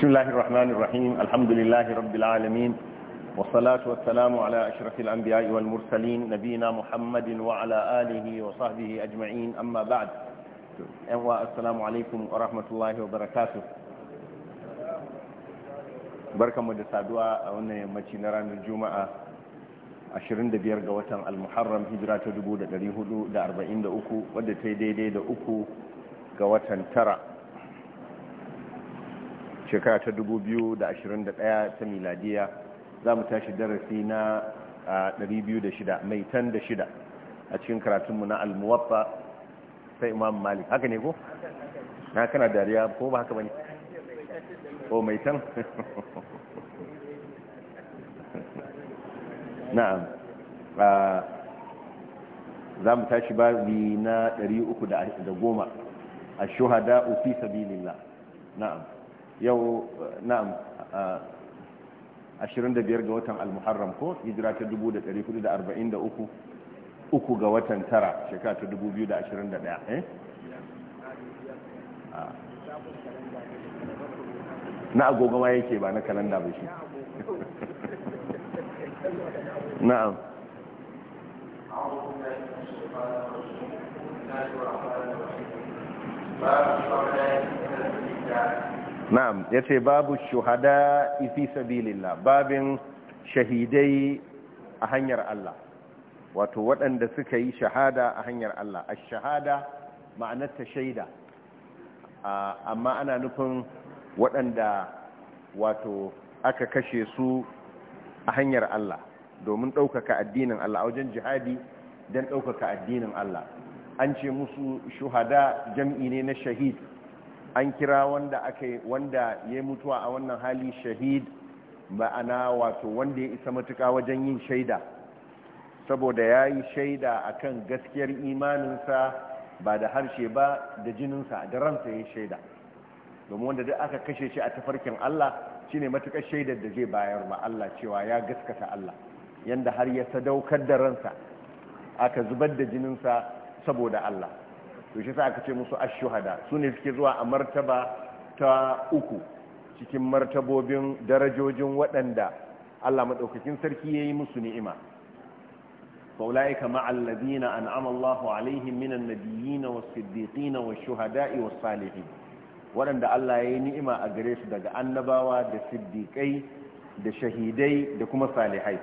بسم الله الرحمن الرحيم الحمد لله رب العالمين والصلاة والسلام على أشرف الأنبياء والمرسلين نبينا محمد وعلى آله وصحبه أجمعين أما بعد السلام عليكم ورحمة الله وبركاته بركة مدسة دعاء أولا يمتي نران الجمعة 25 ga watan al-muharram hijira ta 1443 wadda ta yi daidai da uku ga watan tara shekara ta 2021 ta miladiya za mu tashi darasi na 206 mai tan da shida a cikin karatunmu na almuwafa sai imam malik haka ne ko? na kana dariya ko ba haka ba ne? o mai tan? na'am za mu tashi babi na 310 a shuhada ofisa bilin na'am yau na'am 25 ga watan al-muharram ko hijira ta 1443 uku ga watan tara shekara ta 2021 eh na agogo ma yake ba na kalanda ba shi na'am Thank you. na'am ya ce babu shuhada fi sabilillah babin shahidai a hanyar Allah wato waɗanda suka yi shahada a hanyar Allah a shahada ma'anarta shaida amma ana nufin waɗanda wato aka kashe su a hanyar Allah domin ɗaukaka addinin Allah a wajen jihadi don ɗaukaka addinin Allah an ce musu shuhada jam'i ne na shahid an kira wanda aka wanda ya mutuwa a wannan hali shahid ma'ana wato wanda ya isa matuka wajen yin shaida saboda ya yi shaida a kan gaskiyar imaninsa ba da harshe ba da jininsa da ransa ya yi shaida domin wanda duk aka kashe shi a tafarkin Allah shi ne matukar shaidar da zai bayar ma Allah cewa ya gaskata Allah yanda har ya sadaukar da ransa aka zubar da jininsa saboda Allah to shi sa aka ce musu ashuhada su ne suke zuwa a martaba ta uku cikin martabobin darajojin waɗanda Allah maɗaukakin sarki ya yi musu ni'ima فأولئك مع an'amallahu أنعم الله عليهم من النبيين والصديقين والشهداء والصالحين waɗanda Allah ya yi ni'ima a gare su daga annabawa da siddiƙai da shahidai da kuma salihai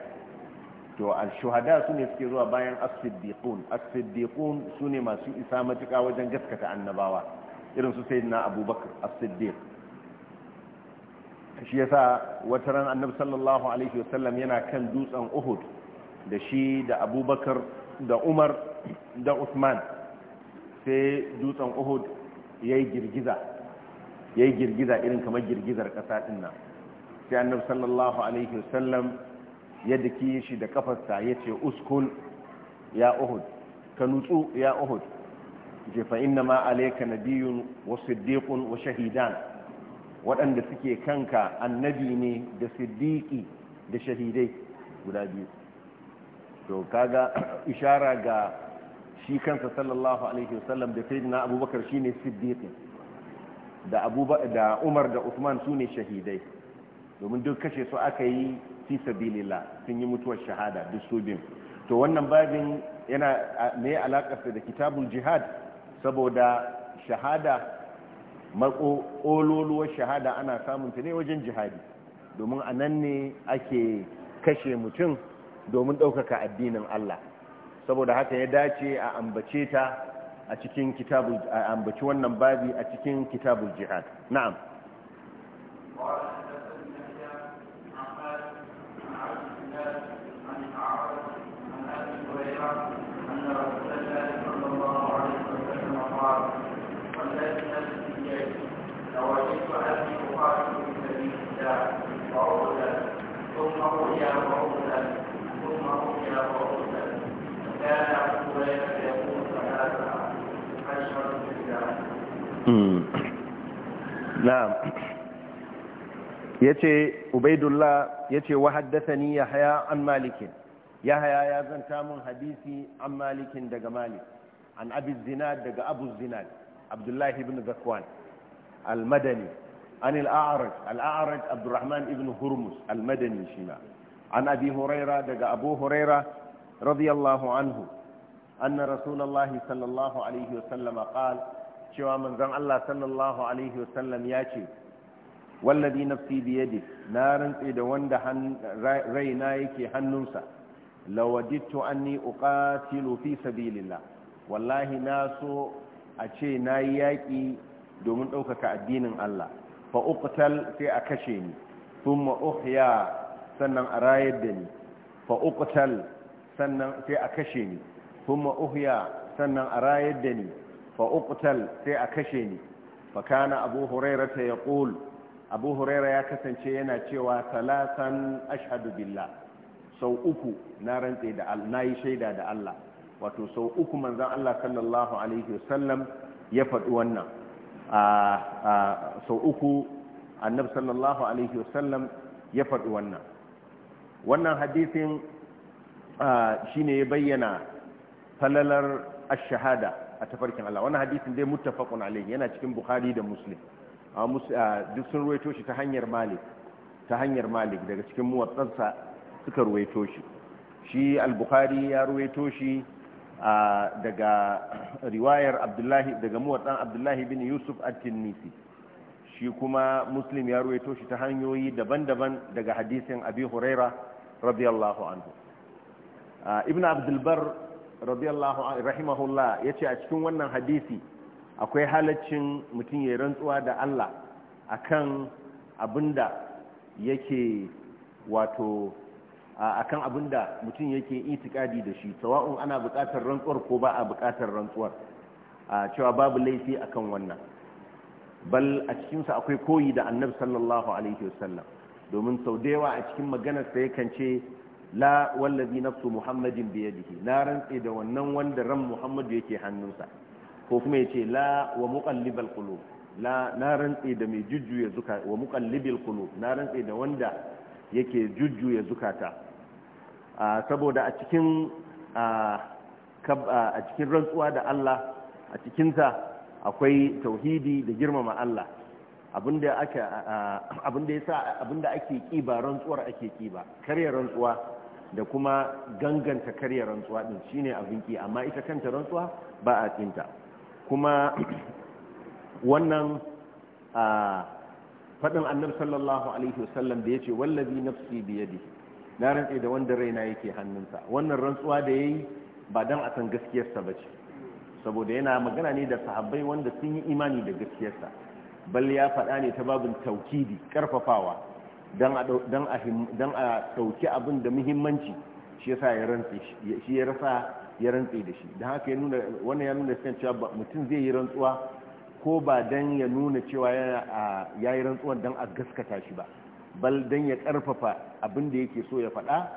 to al-shuhada su ne suke zuwa bayan as-siddiqun as-siddiqun su ne masu isa matuƙa wajen gaskata annabawa irin su sayyidina abubakar as-siddiq shi yasa wata ran annabi sallallahu alaihi wasallam yana kan dutsen uhud da shi da abubakar da umar da usman sai dutsen uhud ya yi girgiza ya girgiza irin kamar girgizar ƙasa ɗin nan sai annabi sallallahu alaihi wasallam yadda ki shi da kafarsa ya ce uskul ya uhud ka nutsu ya uhud je fa inna ma alayka nabiyyun wa siddiqun wa shahidan waɗanda suke kanka annabi ne da siddiqi da shahidai guda biyu to kaga ishara ga shi kansa sallallahu alaihi wasallam da sayyidina abubakar shine siddiqi da da umar da usman sune shahidai domin duk kashe su aka yi fi sabilillah sun yi mutuwar shahada duk su biyun to wannan babin yana ne alakarsa da kitabul jihad saboda shahada mako shahada ana samun ta ne wajen jihadi domin a nan ne ake kashe mutum domin ɗaukaka addinin Allah saboda haka ya dace a ambace ta a cikin kitabul ambaci wannan babi a cikin kitabul jihad na'am na'am yace ubaidullah yace wa haddathani yahya an malikin yahya ya zanta mun hadisi an malikin daga malik an abi zinad daga abu zinad abdullahi ibn zakwan al-madani an al-a'raj al-a'raj abdurrahman ibn hurmus al-madani shima an abi huraira daga abu huraira radiyallahu anhu anna rasulullahi sallallahu alaihi wasallam qala cewa manzon Allah sallallahu alaihi wasallam ya ce wallazi nafsi biyadi na rantse da wanda raina yake hannunsa lawadittu anni uqatilu fi sabilillah wallahi na so a ce na yi yaƙi domin ɗaukaka addinin Allah fa uqtal sai a kashe ni thumma uhya sannan a rayar da ni fa uqtal sannan sai a kashe ni thumma uhya sannan a rayar da ni fa uqtal sai a kashe ni fa kana abu huraira ta ya yaqul abu huraira ya kasance yana cewa salasan ashadu billah sau uku na rantse da na yi shaida da Allah wato sau uku manzan Allah sallallahu alaihi wasallam ya faɗi wannan a sau uku annabi sallallahu alaihi wasallam ya faɗi wannan wannan hadisin shine ya bayyana falalar ash-shahada a tafarkin Allah wannan hadisin dai muttafaqun alayhi yana cikin Bukhari da Muslim duk sun ruwaito shi ta hanyar Malik ta hanyar Malik daga cikin muwattansa suka ruwaito shi shi al-Bukhari ya ruwaito shi daga riwayar Abdullahi daga muwattan Abdullahi bin Yusuf at-Tinnisi shi kuma Muslim ya ruwaito shi ta hanyoyi daban-daban daga hadisin Abi Huraira radiyallahu anhu Ibn Abdul Barr radiyallahu anhu rahimahullah yace a cikin wannan hadisi akwai halaccin mutum ya rantsuwa da Allah akan abinda yake wato akan abinda mutum yake itikadi da shi sawa'un ana buƙatar rantsuwar ko ba a buƙatar rantsuwar cewa babu laifi akan wannan bal a sa akwai koyi da annabi sallallahu alaihi wasallam domin sau da yawa a cikin maganar maganarsa yakan ce la wallazi nafsu muhammadin yadihi na rantse da wannan wanda ran muhammadu yake hannunsa ko kuma yace la wa muqallibal qulub la na rantsi da mai jujjuya zuka wa muqallibil qulub na rantse da wanda yake jujjuya zukata saboda a cikin a cikin rantsuwa da Allah a cikinsa akwai tauhidi da girmama Allah abinda aka abinda yasa abinda ake kiba rantsuwar ake kiba karya rantsuwa da kuma ganganta karya rantsuwa din shine abin ki amma ita kanta rantsuwa ba a tsinta kuma wannan a fadin annabi sallallahu alaihi wasallam da yace wallazi nafsi biyadi na rantsi da wanda raina yake hannunsa wannan rantsuwa da yayi ba dan a san gaskiyar sa bace saboda yana magana ne da sahabbai wanda sun yi imani da gaskiyar sa bal ya faɗa ne ta babin taukidi karfafawa don a ɗauki abin da muhimmanci shi yasa ya rantse shi ya rasa ya rantse da shi don haka ya nuna wannan ya nuna cewa mutum zai yi rantsuwa ko ba don ya nuna cewa ya yi rantsuwan don a gaskata shi ba bal don ya karfafa abin da yake so ya faɗa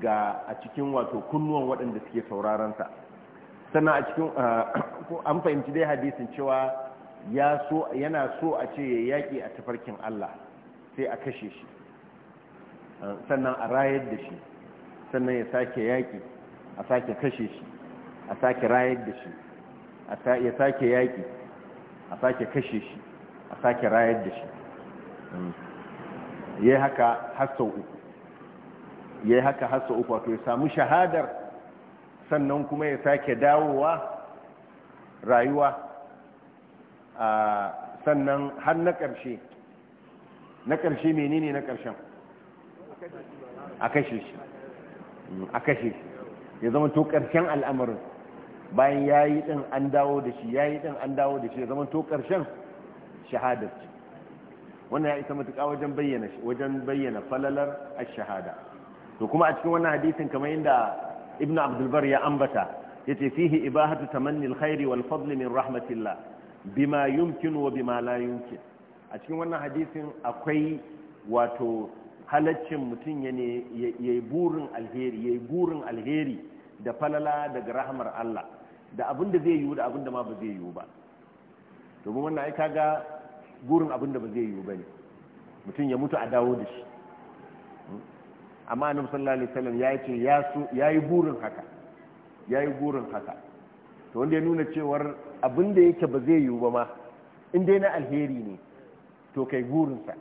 ga a cikin wato kunnuwan waɗanda suke saurarensa sannan a cikin an fahimci dai hadisin cewa ya so yana so a ce ya yaƙi a tafarkin Allah sai a kashe shi sannan a rayar da shi sannan ya sake yaƙi a sake kashe shi a sake rayar da shi ya sake yaƙi a sake kashe shi a sake rayar da shi ya haka sau uku ya haka sau uku wato ya samu shahadar sannan kuma ya sake dawowa rayuwa sannan har na ƙarshe na ƙarshe menene na ƙarshen a kashe shi mm, a kashe shi ya zama to ƙarshen al'amarin bayan ya yi ɗin an dawo da shi ya yi ɗin an dawo da shi ya zama to ƙarshen shahadar ce wannan ya isa matuƙa wajen bayyana wajen bayyana falalar shahada to kuma a cikin wannan hadisin kamar yadda Ibn abdulbar ya ambata ya yace fihi ibahatu tamanni alkhairi wal fadli min rahmatillah bima yumkin wa bima la yumkin a cikin wannan hadisin akwai wato halaccin mutum ya yi burin alheri ya yi burin alheri da falala daga rahamar Allah da abin da zai yiwu da abin da ma ba zai yiwu ba domin wannan aika ga burin abin da ba zai yiwu ba ne mutum ya mutu a dawo da shi amma annabi sallallahu alaihi wasallam ya ce ya yi burin haka ya yi burin haka to wanda ya nuna cewar abin da yake ba zai yiwu ba ma in dai na alheri ne to kai burinsa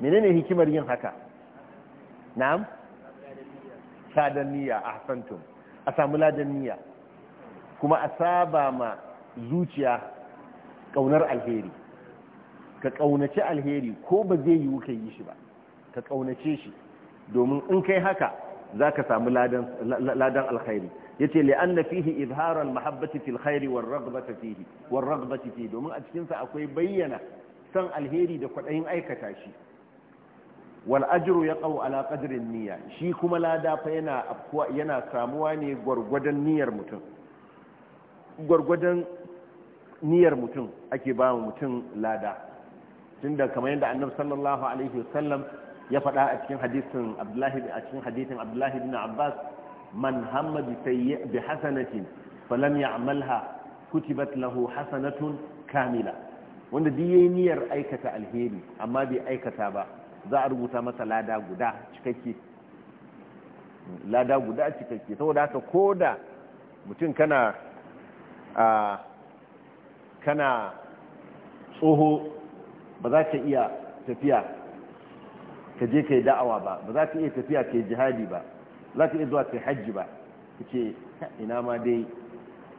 menene hikimar yin haka na'am ladan niyya ahsantum a samu ladan niyya kuma a saba ma zuciya kaunar alheri ka kaunaci alheri ko ba zai yiwu ka yi shi ba ka kaunace shi domin in kai haka za ka samu ladan alkhairi ya ce li'an na fihi izharar mahabbati fil khairi ta fihi domin a cikinsa akwai bayyana son alheri da kwaɗayin aikata shi wal ajru ƙau ala qadri niyya shi kuma lada fa yana afkuwa yana samuwa ne gwargwadon niyyar mutum gwargwadon niyyar mutum ake ba wa mutum lada tunda kamar yadda annabi sallallahu alaihi wasallam ya faɗa a cikin hadisin abdullahi a cikin hadisin abdullahi ibn abbas man hamma bi sayyi bi hasanatin falam ya'malha kutibat lahu hasanatun kamila wanda duk yayi niyyar aikata alheri amma bai aikata ba za a rubuta masa lada guda cikakke lada guda cikakke saboda haka koda mutum kana a kana tsoho ba za ka iya tafiya ka je ka yi da'awa ba ba za ka iya tafiya ka yi jihadi ba za ka iya zuwa ka yi hajji ba ka ce ina ma dai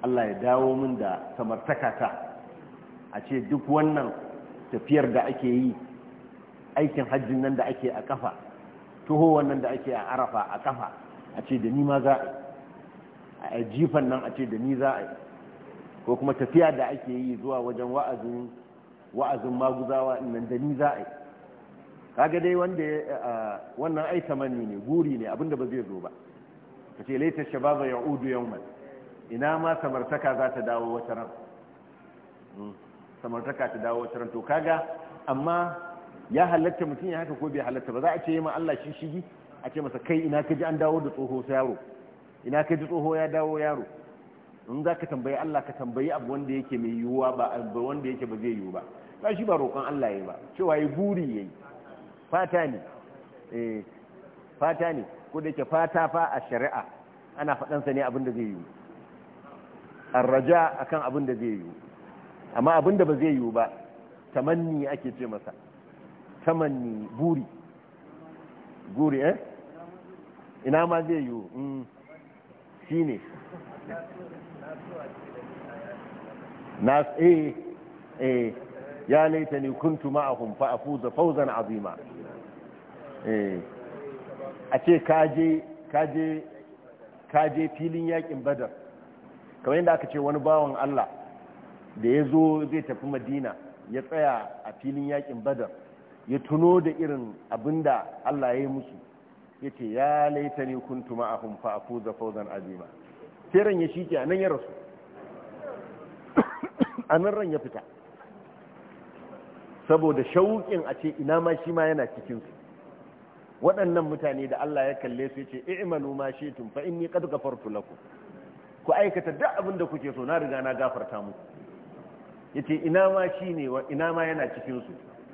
Allah ya dawo min da samartaka ta a ce duk wannan tafiyar da ake yi aikin hajjin nan da ake a kafa tuho wannan da ake a arafa a kafa a ce da ni ma za a yi jifan nan a ce da ni za a yi ko kuma tafiya da ake yi zuwa wajen wa'azin maguzawa nan da ni za a yi kaga dai wanda wannan ai tamanni ne guri ne abinda ba zai zo ba ka ce laita shababa ya udu yawman ina ma samartaka za ta dawo wata ran hmm. samartaka ta dawo wata to kaga amma ya halatta mutum ya haka ko bai halatta ba za a ce ma Allah shi shigi a ce masa kai ina ka ji an dawo da tsoho yaro ina ka ji tsoho ya dawo yaro in za ka tambayi Allah ka tambayi abu wanda yake mai yiwuwa ba abu wanda yake ba zai yiwu ba ba shi ba roƙon Allah ya ba cewa ya buri ya yi fata ne eh, fata ne ko da yake fata fa a shari'a ana faɗansa ne abin da zai yiwu arraja akan abin da zai yiwu amma abin da ba zai yiwu ba tamanni ake ce masa tamanni buri buri eh ina ma zai yiwu mm. shi ne na eh eh ya laita ne kuntu ma'ahun fa'afu da fauzan azima eh. a ce kaje kaje filin yakin badar kamar yadda aka ce wani bawan Allah da ya zo zai tafi madina ya tsaya a filin yakin badar ya tuno da irin abin da allah ya yi musu ya ce ya laita ne kun tuma a hunfa a fuza fauzan azima ran ya shi ke a nan ya rasu a nan ran ya fita saboda shauƙin a ce ina ma shi ma yana cikinsu waɗannan mutane da Allah ya kalle su ce i'malu ma shi'tum fa inni qad ghafartu lakum ku aikata duk abin da kuke so na riga na gafarta muku yace ina ma wa ina ma yana cikinsu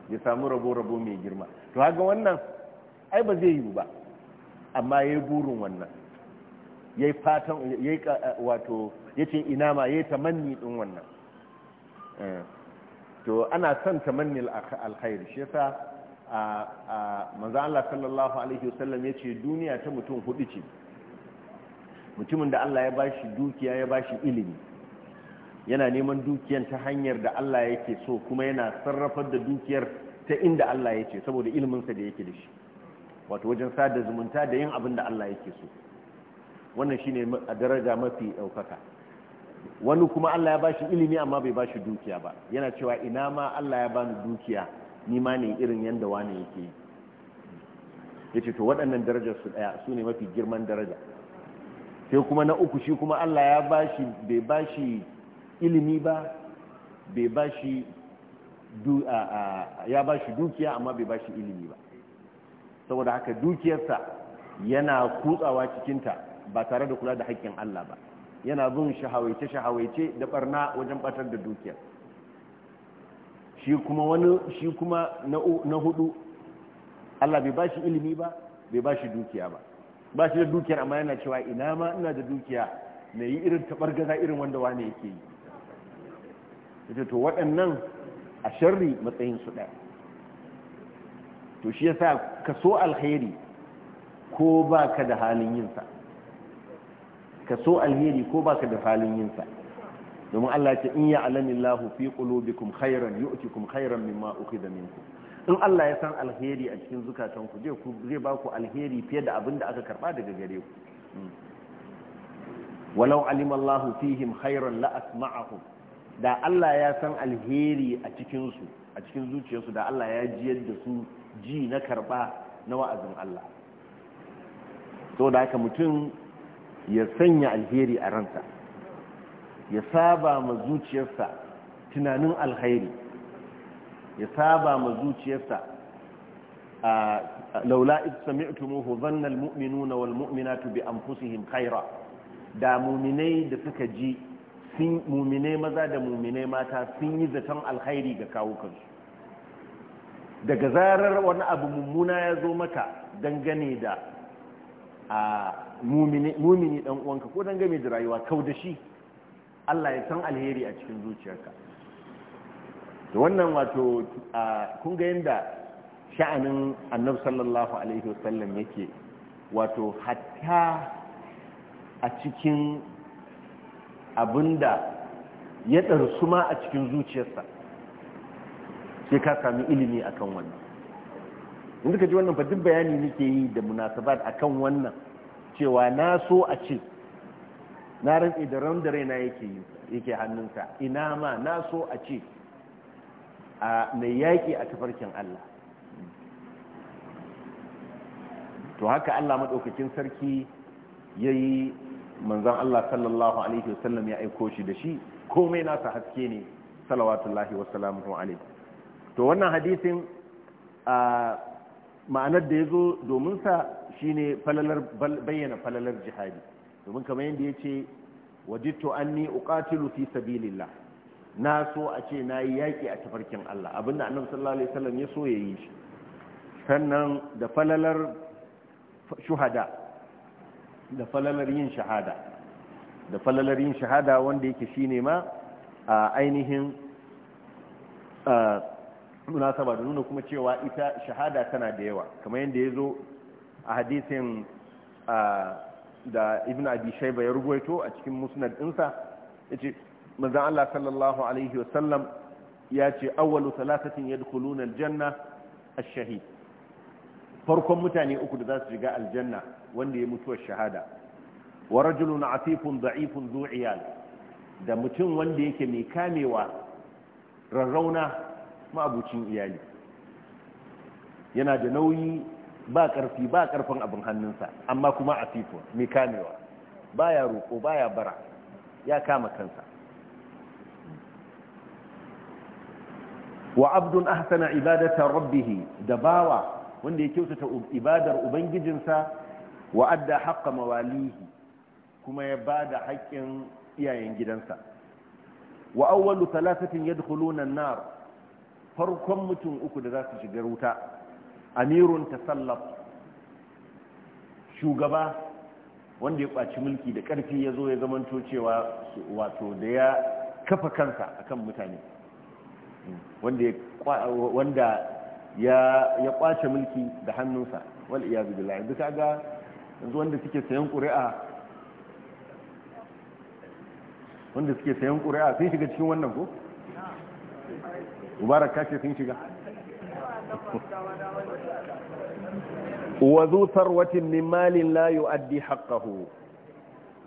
ya samu rabo rabo mai girma to haka wannan ai ba zai yiwu ba amma ya yi burin wannan yi fatan yi eh, wato yace ina ma ya yi tamanni din wannan eh. to ana son tamanni alkhair shi yasa manzo Allah sallallahu alaihi wasallam yace duniya ta mutum hudu ce mutumin da Allah ya bashi dukiya ya bashi ilimi yana neman dukiyar ta hanyar da Allah yake so kuma yana sarrafar da dukiyar ta inda Allah ya ce saboda iliminsa da yake da shi wato wajen sada zumunta da yin abin da Allah yake so wannan shine a daraja mafi ɗaukaka wani kuma Allah ya bashi ilimi amma bai bashi dukiya ba yana cewa ina ma Allah ya bani dukiya ni ma ne irin yanda wani yake yi yace to waɗannan darajar su ɗaya su ne mafi girman daraja sai kuma na uku shi kuma Allah ya bashi bai bashi ilimi ba bai ba shi ya ba shi dukiya amma bai ba shi ilimi ba saboda haka dukiyarsa yana kutsawa cikinta ba tare da kula da haƙƙin Allah ba yana zun shahawaice-shahawaice da barna wajen batar da dukiyar shi kuma wani shi kuma na hudu Allah bai ba shi ilimi ba bai ba shi dukiya ba ba shi da dukiyar amma yana cewa ina ma ina da dukiya mai yi irin taɓar gaza irin wanda wane yake yi yace to waɗannan a sharri matsayin su ɗaya to shi yasa ka so alheri ko ka da halin yinsa. ka so alheri ko ka da halin yinsa. domin Allah ce in ya alamillahu fi qulubikum khairan yu'tikum khairan mimma ukhidha minkum in Allah ya san alheri a cikin zukatanku zai ku zai ba ku alheri fiye da abin da aka karba daga gare ku hmm. walau alimallahu fihim khairan la asma'ahum da Allah ya san alheri a cikinsu a cikin zuciyarsu da Allah ya ji da su ji na karba na wa'azin Allah to da haka mutum ya sanya alheri a ransa ya saba ma zuciyarsa tunanin alheri ya saba ma zuciyarsa a laula sami'tumuhu dhanna almu'minuna walmu'minatu bi anfusihim khaira da mu'minai da suka ji sun mumine maza da mumine mata sun yi zaton alkhairi ga kawo kansu daga zarar wani abu mummuna ya zo maka dangane da a mumini dan uwanka ko dangane da rayuwa kau da shi Allah ya san alheri a cikin zuciyarka da wannan wato kun ga da sha'anin annabi sallallahu alaihi wasallam yake wato hatta a cikin abinda ya ma a cikin zuciyarsa sai ka sami ilimi akan wannan inda ka ji wannan fadin bayani nake yi da munasabat akan wannan cewa na so a ce na rantsi da ran da raina yake yake hannunsa ina ma na so a ce a mai yaƙi a tafarkin Allah to haka Allah maɗaukakin sarki ya yi manzon Allah sallallahu alaihi wasallam ya aiko shi da shi komai nasa haske ne salawatullahi wasallamu alaihi to wannan hadisin a ma'anar da ya zo domin sa shine falalar bayyana falalar jihadi domin kamar yadda ya ce wajittu anni uqatilu fi sabilillah na so a ce na yi yaƙi a tafarkin Allah abinda da sallallahu alaihi wasallam ya so ya yi shi sannan da falalar shuhada da falalar yin shahada da falalar yin shahada wanda yake shine ma a ainihin munasaba da nuna kuma cewa ita shahada tana da yawa kamar yadda ya zo a hadisin da ibn Abishai shaiba ya a cikin musnad ɗinsa ya ce manzan Allah sallallahu alaihi wasallam ya ce awwalu salasatin yadkhuluna aljanna ash-shahid farkon mutane uku da za su shiga aljanna wanda ya mutuwar shahada wa rajulun afifun da'ifun zu da mutum wanda yake mai kamewa rarrauna ma'abucin iyali yana da nauyi ba karfi ba karfin abin hannunsa amma kuma atifun mai kamewa baya roƙo baya bara ya kama kansa wa abdun ahsana ibadata rabbih da bawa wanda ya kyautata ibadar ubangijinsa wa adda haƙa mawalihi kuma ya ba da haƙƙin iyayen gidansa wa awwalu talatatin yadkhuluna an-nar farkon mutum uku da za su shiga wuta amirun sallaf. shugaba wanda ya kwaci mulki da ƙarfi ya zo ya zamanto cewa wato da ya kafa kansa akan mutane wanda ya kwace mulki da hannunsa wal iyazu billahi duk ga yanzu wanda suke sayan ƙuri'a wanda suke sayan ƙuri'a sun shiga cikin wannan ko mubarak kace sun shiga wa zu sarwatin min malin la yu'addi haqqahu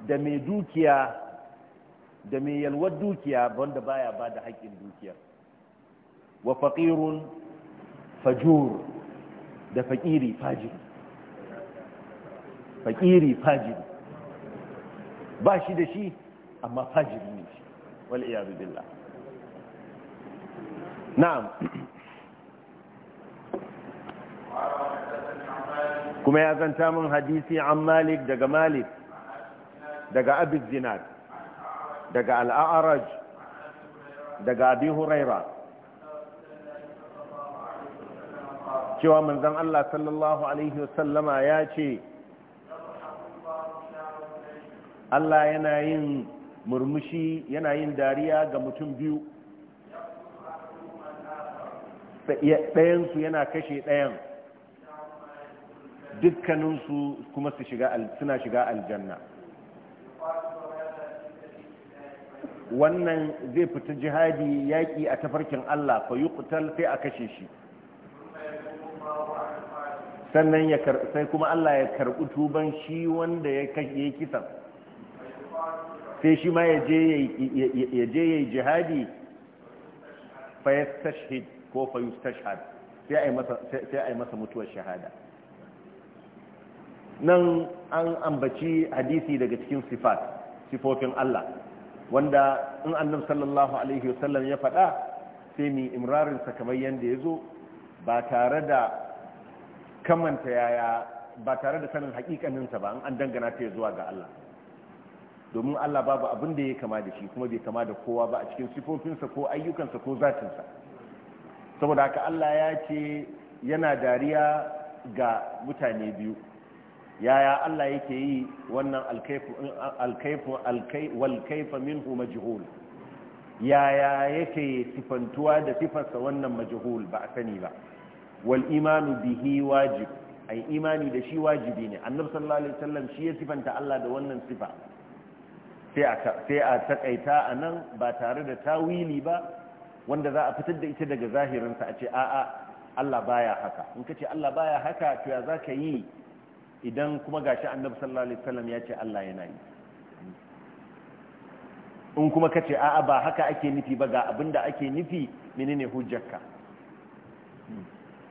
da mai dukiya da mai yalwar dukiya wanda baya bada haƙƙin dukiya wa faqirun fajur da fakiri fajiri fakiri fajiri ba shi da shi amma fajiri ne shi wal billah na'am kuma ya zanta min hadisi an malik daga malik daga abid zinad daga al'araj daga abi huraira cewa manzon Allah sallallahu alaihi wasallama ya ce Allah yana yin murmushi yana yin dariya ga mutum biyu ɗayansu yana kashe ɗayan dukkaninsu kuma suna shiga aljanna wannan zai fita jihadi yaƙi a tafarkin Allah fa yi sai a kashe shi sannan ya sai kuma Allah ya karɓi tuban shi wanda ya yi kisan sai shi ma ya je ya yi jihadi fayastashhid ko fayustashhad sai a yi masa mutuwar shahada nan an ambaci hadisi daga cikin sifat sifofin Allah wanda in annabi sallallahu alaihi wasallam ya faɗa sai mi imrarinsa kamar yadda ya zo ba tare da kamanta yaya ba tare da sanin hakikaninsa ba an dangana ta zuwa ga Allah domin Allah babu abin da ya kama da shi kuma bai kama da kowa ba a cikin sifofinsa ko ayyukansa ko zatinsa saboda haka Allah ya ce yana dariya ga mutane biyu yaya Allah yake yi wannan alkaifa minhu majhul yaya yake sifantuwa da sifarsa wannan majhul ba a sani ba wal imanu bihi wajib ai imani da shi wajibi ne Annab sallallahu alaihi wasallam shi ya sifanta Allah da wannan sifa sai a sai a takaita anan ba tare da tawili ba wanda za a fitar da ita daga zahirin sa a ce a'a Allah baya haka in kace Allah baya haka to ya zaka yi idan kuma gashi annabi sallallahu alaihi wasallam ya ce Allah yana yi in kuma kace a'a ba haka ake nufi ba ga abinda ake nufi menene hujjarka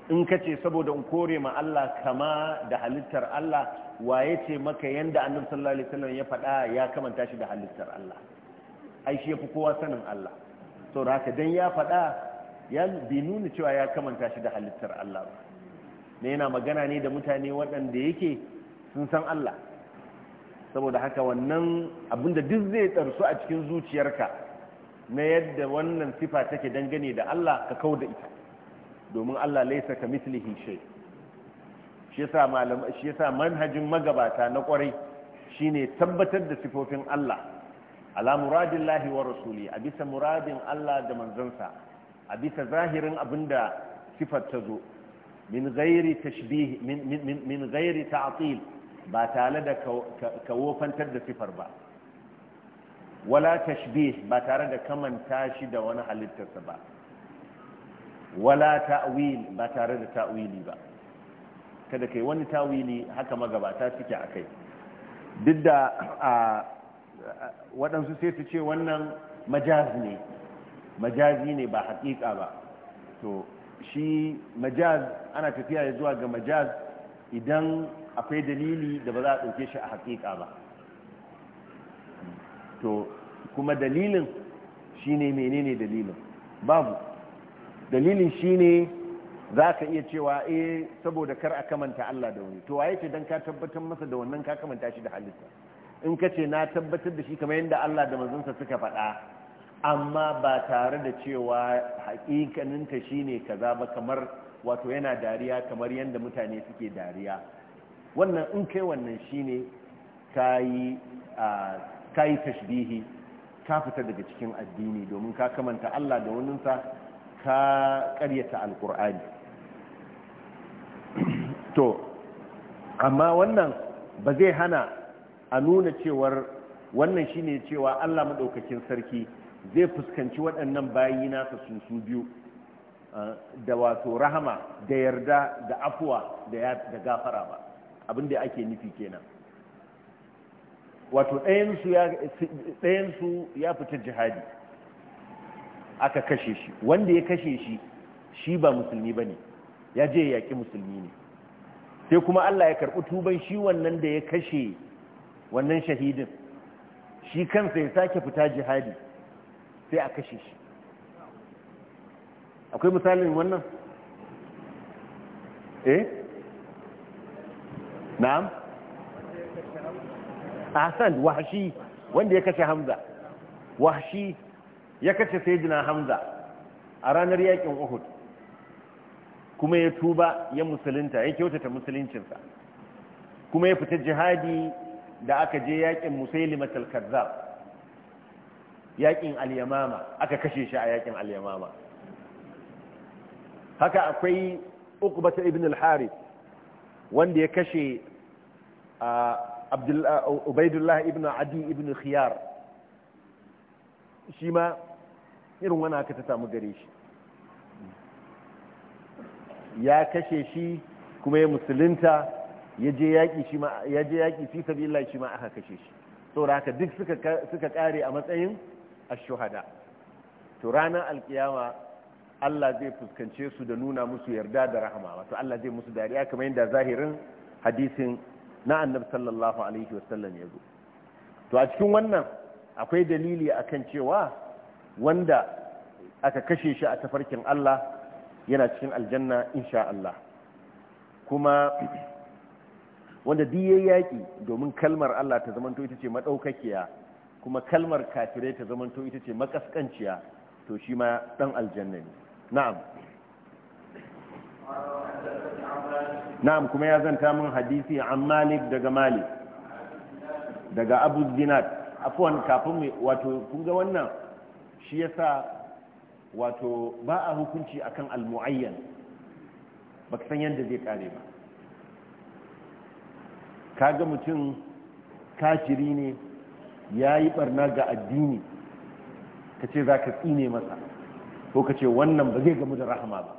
in ka ce saboda in kore ma Allah kama da halittar Allah waye ce maka yadda annabi sallallahu alaihi wasallam ya faɗa ya kamanta shi da halittar Allah ai shi yafi kowa sanin Allah to da haka dan ya faɗa ya bi nuna cewa ya kamanta shi da halittar Allah ba ne yana magana ne da mutane waɗanda yake sun san Allah saboda haka wannan abinda duk zai tsarsu a cikin zuciyarka na yadda wannan sifa take dangane da Allah ka da ita domin Allah laisa ka mislihi shi yasa malam shi yasa manhajin magabata na kwarai shine tabbatar da sifofin Allah ala muradillahi wa rasuli a bisa muradin Allah da manzansa a bisa zahirin abinda sifar ta zo min ghairi tashbih min min min ghairi ta'til ba tare da kawofantar da sifar ba wala tashbih ba tare da kamanta shi da wani halittarsa ba wala ta'wil ba tare da ta'wili ba kada kai wani ta'wili haka magabata suke akai duk da a waɗansu sai su ce wannan majaz ne majazi ne ba hakika ba to shi majaz ana tafiya zuwa ga majaz idan akwai dalili da ba za a ɗauke shi a hakika ba to kuma dalilin shine menene dalilin babu dalilin ne za ka iya cewa eh saboda kar a kamanta Allah da wani to waye ce don ka tabbatar masa da wannan ka kamanta shi da halitta in ka ce na tabbatar da shi kamar yadda Allah da mazinsa suka faɗa amma ba tare da cewa haƙiƙaninta ne kaza ba kamar wato yana dariya kamar yadda mutane suke dariya wannan in kai wannan shi ne ka yi tashbihi ka fita daga cikin addini domin ka kamanta Allah da waninsa ka karyata alkur'ani to amma wannan ba zai hana a nuna cewar wannan shine cewa Allah maɗaukakin sarki zai fuskanci waɗannan bayi nasa sun su biyu da wato rahama da yarda da afuwa da gafara ba abinda ake nufi kenan wato ɗayansu ya fita jihadi aka kashe shi wanda ya kashe shi shi ba musulmi bane ya je ya yaki musulmi ne sai kuma Allah ya karɓi tuban shi wannan da ya kashe wannan shahidin shi kansa ya sake fita jihadi sai a kashe shi akwai misalin wannan eh na'am ahsan wahashi wanda ya kashe hamza wahshi ya kace saidina hamza a ranar yakin uhud kuma ya tuba ya musulunta ya kyautata musuluncinsa kuma ya fita jihadi da aka je yakin musailimah al-kazzab yakin al-yamama aka kashe shi a yakin al-yamama haka akwai uqbata ibn al-harith wanda ya kashe Ubaidullah ibn Adi ibn Khiyar shi ma irin wani aka ta samu gare shi ya kashe shi kuma ya musulunta ya je yaƙi fi sabilillah shi ma aka kashe shi da haka duk suka kare a matsayin ashuhada to ranar alkiyama Allah zai fuskance su da nuna musu yarda da rahama wato Allah zai musu dariya kamar yadda zahirin hadisin na annabi sallallahu alaihi wasallam ya zo to a cikin wannan akwai dalili akan cewa wanda aka kashe shi a tafarkin Allah yana cikin aljanna insha Allah kuma wanda duk yayi yaki domin kalmar Allah ta zamanto ita ce madaukakiya kuma kalmar kafirai ta zamanto ita ce makaskanciya to shi ma dan aljanna ne na'am na'am kuma ya zanta min hadisi an Malik daga Malik daga Abu Zinat afwan kafin wato kun ga wannan shi yasa wato ba a hukunci akan almu'ayyan ba baka san yadda zai kare ba kaga mutum kafiri ne yayi barna ga addini kace zaka tsine masa ko kace wannan ba zai gamu da rahama ba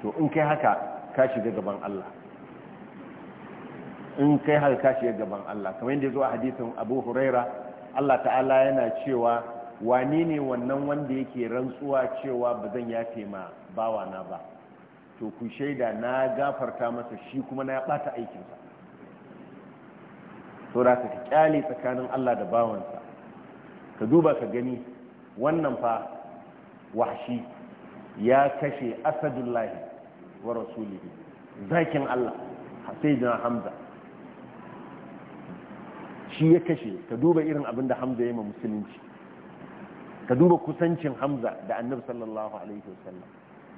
to in kai haka ka shiga gaban Allah in kai haka ka shiga gaban Allah kamar yadda zo a hadisin Abu Huraira Allah ta'ala yana cewa wane ne wannan wanda yake rantsuwa cewa ba zan yafe ma bawana ba to ku shaida na gafarta masa shi kuma na ya bata aikinsa da ka kyale tsakanin Allah da bawansa ka duba ka gani wannan fa wahshi ya kashe asadullahi wa rasulihi zakin Allah sayyidina Hamza shi ya kashe ka duba irin abin da Hamza ya yi ma musulunci ka duba kusancin hamza da annab sallallahu alaihi wasallam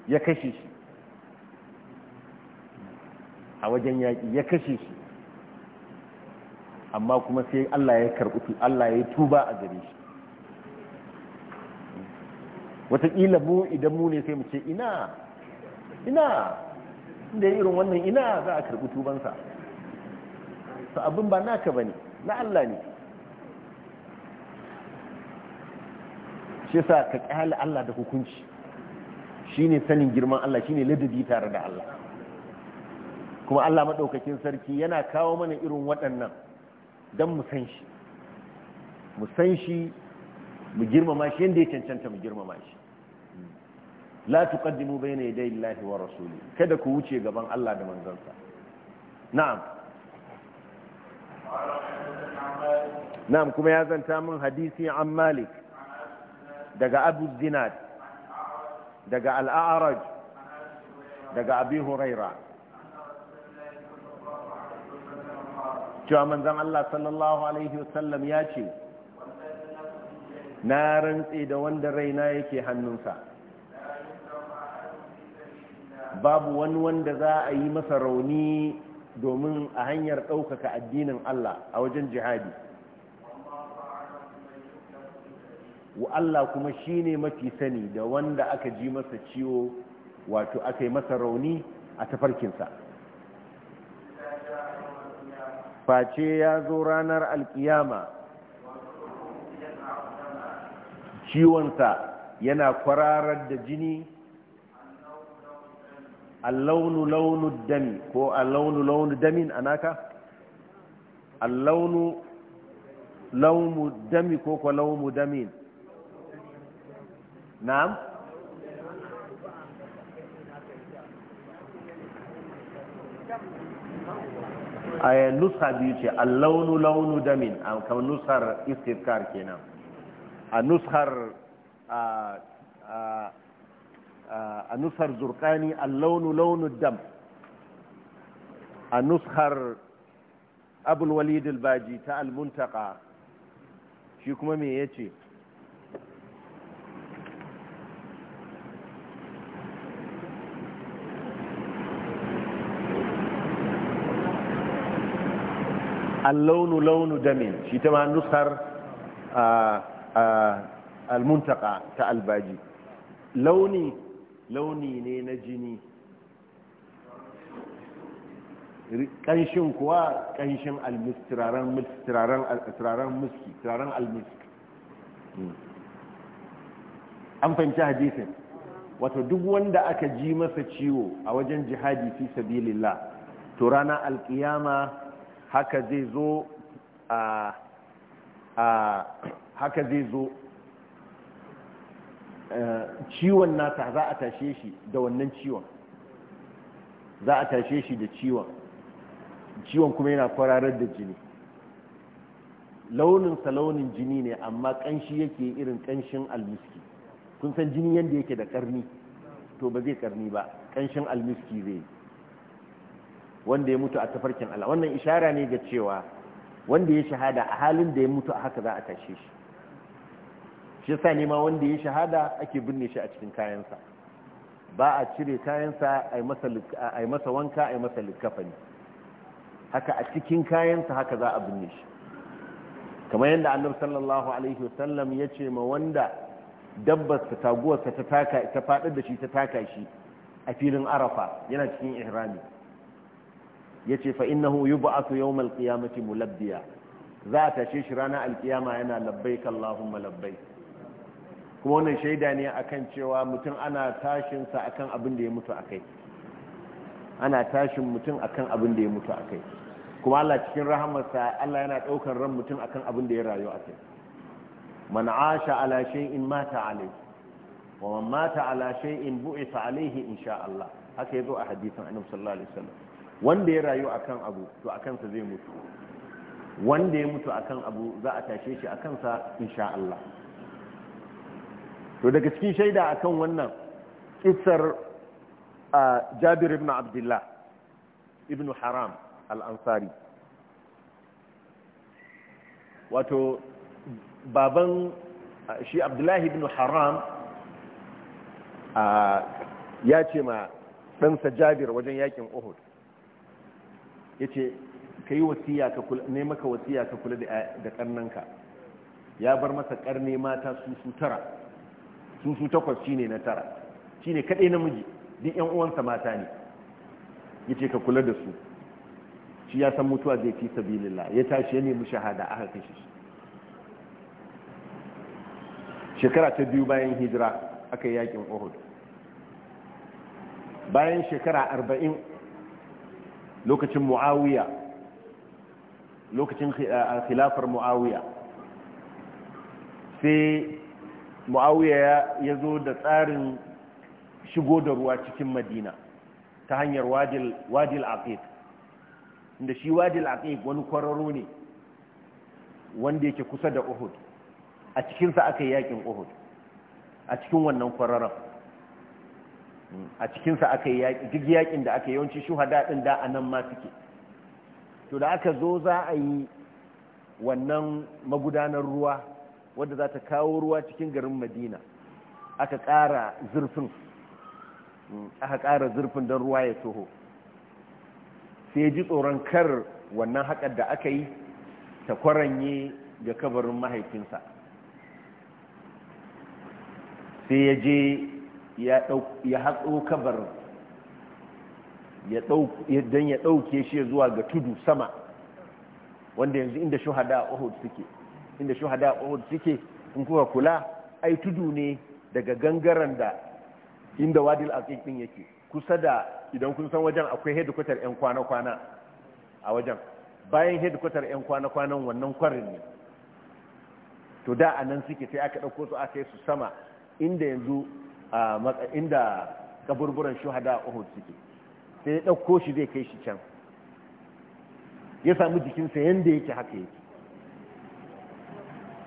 ya kashe shi a wajen yaƙi ya kashe shi amma kuma sai Allah ya karɓi Allah ya tuba a gare shi watakila mu idan mu ne sai mu ce ina ina inda ya irin wannan ina za a karɓi tubansa su abin ba naka ba ne na Allah ne shi yasa ka kyale Allah da hukunci shine sanin girman Allah shine ladabi tare da Allah kuma Allah maɗaukakin sarki yana kawo mana irin waɗannan don mu san shi mu san shi mu girmama shi yadda ya cancanta mu girmama shi la tuqaddimu bayna yaday Allahi wa rasuli kada ku wuce gaban Allah da manzansa na'am na'am kuma ya zanta min hadisi an Malik daga abu zinad daga al'araj daga abi huraira cewa manzan Allah sallallahu Alaihi wasallam ya ce na rantse da wanda raina yake hannunsa babu wani wanda za a yi masa rauni domin a hanyar ɗaukaka addinin Allah a wajen jihadi wa Allah kuma shine mafi sani da wanda aka ji masa ciwo wato aka yi masa rauni a tafarkinsa face ya zo ranar alkiyama ciwonsa yana kwararar da jini allaunu launu dami ko allaunu launu damin anaka allaunu launu dami ko kwa launu damin na'am a nusa biyu ce allaunu launu damin a kan nusar istiskar kenan a nusar a nusar zurkani allaunu launu dam a nusar abulwalid albaji ta almuntaka shi kuma me ya ce allaunu launu damin shi ta ma nusar almuntaka ta albaji launi launi ne na jini ƙanshin ƙanshin almistiraren muski turaren almisk an fahimci hadisin wato duk wanda aka ji masa ciwo a wajen jihadi fi sabilillah to rana alkiyama haka zai zo a haka zai zo eh, ciwon nasa za a tashe shi da wannan ciwon za a tashe shi da ciwon ciwon kuma yana kwararar da jini launinsa launin jini ne amma kanshi yake irin kanshin almiski kun san jini yadda yake da karni to ba zai karni ba kanshin almiski zai wanda ya mutu a tafarkin Allah wannan ishara ne ga cewa wanda ya shahada a halin da ya mutu a haka za a tashe shi shi yasa ne ma wanda ya shahada ake binne shi a cikin kayansa ba a cire kayansa a yi masa wanka a yi masa likafani haka a cikin kayansa haka za a binne shi kamar yadda annabi sallallahu alaihi wasallam ya ce ma wanda dabbarsa ta taka ta faɗi da shi ta taka shi a filin arafa yana cikin ihrami yace fa yi innahu yub'athu yawm al-qiyamati mulabbiya za ta tashe shi ranar alkiyama yana labbaik allahumma labbaik kuma wannan shaida ne akan cewa mutum ana tashin sa akan abin da ya mutu a kai ana tashin mutum akan abin da ya mutu a kai kuma Allah cikin rahamarsa Allah yana daukar ran mutum akan abin da ya rayu a kai man asha ala shay'in mata alayhi wa man mata ala shay'in bu'itha alayhi insha Allah haka yazo a hadisin annabi sallallahu alaihi wasallam wanda ya rayu a kan abu to a kansa zai mutu wanda ya mutu a kan abu za a tashe shi akansa insha Allah to daga cikin shaida a kan wannan kissar Jabir ibn Abdullah ibn Haram al-Ansari wato baban shi Abdullahi ibn Haram ya ce ma ɗansa Jabir wajen yakin Uhud ka yi wasiya ka kula ne maka wasiya ka kula da da karnanka ya bar masa karni mata su su tara su su takwas shine na tara shine kadai namiji duk yan uwansa mata ne ya ce ka kula da su shi ya san mutuwa zai fi sabilillah ya tashi ya nemi shahada aka kashe shi shekara ta biyu bayan hijira aka yi yakin Uhud bayan shekara arba'in. lokacin muawiya lokacin khilafar muawiya sai muawiya ya zo da tsarin shigo da ruwa cikin madina ta hanyar wadil aqiq inda shi wadil aqiq wani kwararo ne wanda yake kusa da uhud a cikinsa aka yi yakin uhud a cikin wannan kwararan. a cikinsa aka yi duk yaƙin da aka yawanci shuhada din da a nan ma suke to da aka zo za a yi wannan magudanar ruwa wadda za ta kawo ruwa cikin garin madina aka ƙara zurfin aka ƙara zurfin don ruwa ya tsoho. sai ji tsoron kar wannan haƙar da aka yi ta kwaranye ga kabarin mahaifinsa sai ya je ya hatsu kabarin don ya ɗauke shi zuwa ga tudu sama wanda yanzu inda shuhada a ohud suke inda shuhada a ohud suke in kuka kula ai tudu ne daga gangaren da inda wadil aqiq yake kusa da idan kun san wajen akwai hedikwatar yan kwana-kwana a wajen bayan hedikwatar yan kwana-kwanan wannan kwarin ne to da anan suke sai aka ɗauko su aka yi su sama inda yanzu a inda kaburburan shuhada a uhud suke sai ya ɗauko shi zai kai shi can ya samu jikinsa yadda yake haka yake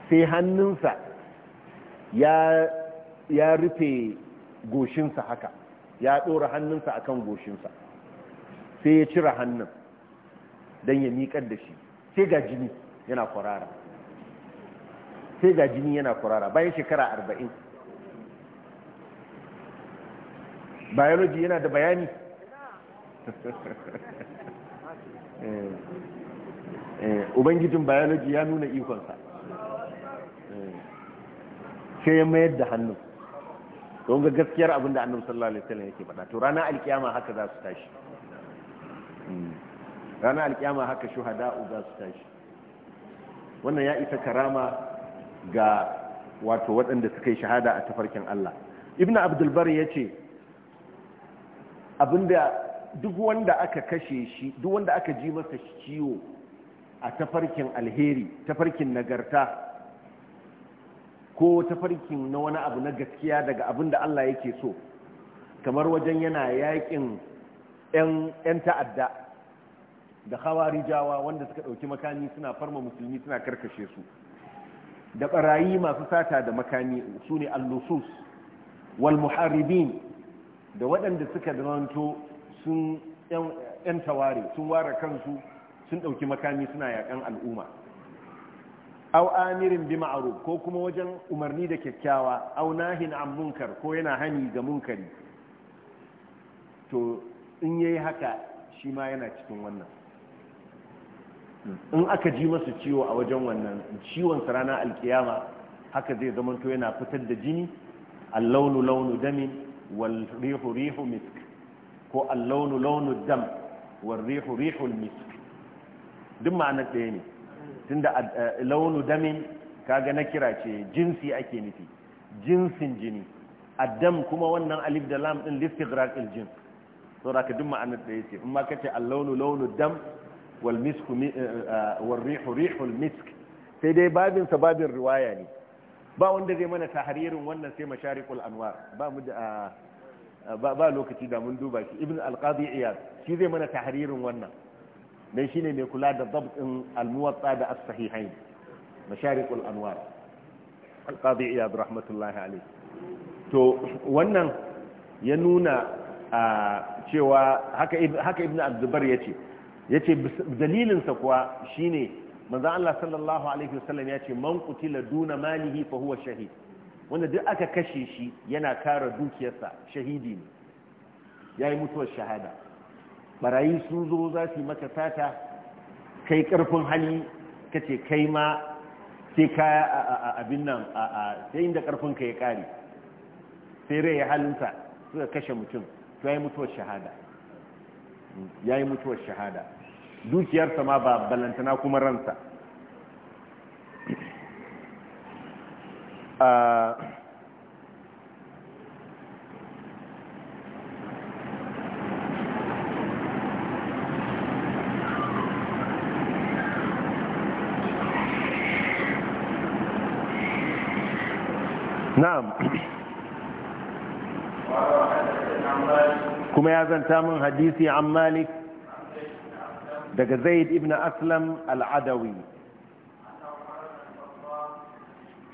sai hannunsa ya rufe goshinsa haka ya ɗora hannunsa akan goshinsa sai ya cira hannun don ya miƙar da shi sai ga jini yana kwarara sai ga jini yana kwarara bayan shekara arba'in biology yana da bayani eh, ubangijin biology ya nuna ikonsa eh, sai ya mayar da hannu don ga gaskiyar abin da annabu sallallahu alaihi wasallam yake faɗa to ranar alkiyama haka za su tashi hmm. ranar alkiyama haka shuhada'u za su tashi wannan ya isa karama ga wato waɗanda suka yi shahada a tafarkin Allah ibnu abdul bari yace abinda duk wanda aka kashe shi duk wanda aka ji masa ciwo a tafarkin alheri tafarkin nagarta ko tafarkin na wani abu na gaskiya daga abin da Allah yake so kamar wajen yana yaƙin 'yan ta'adda da hawari jawa wanda suka ɗauki makami suna farma musulmi suna karkashe su da ɓarayi masu sata da makami su ne al-lusus wal muharibin da waɗanda suka zamanto sun yan taware sun ware kansu sun ɗauki makami suna yakan al'umma au amirin bi ma'ruf ko kuma wajen umarni da kyakkyawa au nahin an munkar ko yana hani ga munkari to in yayi haka shi ma yana cikin wannan in aka ji masu ciwo a wajen wannan ciwon sarana alkiyama haka zai zamanto yana fitar da jini allaunu launu damin wal rihu rihu misk ko al-launu launu dam wal rihu rihu misk duk ma'anar ɗaya tunda eh, launu damin kaga na kira ce jinsi ake nufi jinsin jini addam kuma wannan alif da lam din listighraq al-jins saboda ka duk ma'anar ɗaya ce kace al-launu launu dam eh, eh, wal rihu rihu misk sai dai babin sa babin riwaya ne ba wanda zai mana tahririn wannan sai masharikul anwar ba mu da ba lokaci da mun duba shi ibn al-qadi iyad shi zai mana tahririn wannan dan shine mai kula da dabtin al-muwatta da as-sahihain masharikul anwar al-qadi iyad rahmatullahi alayhi to wannan ya nuna cewa haka haka ibn abdulbar yace yace dalilinsa kuwa shine manzan Allah sallallahu alaihi wasallam ya ce man kutila duna malihi fa huwa shahid wanda duk aka kashe shi yana kare dukiyarsa shahidi ne yayi mutuwar shahada barayi sun zo za su maka sata kai karfin hali kace kai ma sai ka abin nan a sai inda karfin ka ya kare sai rai halinsa suka kashe mutum to yayi mutuwar shahada yayi mutuwar shahada dukiyarsa ma ba balantana kuma ransa ah, kuma ya zanta min hadisi an malik daga zaid ibn aslam al'adawi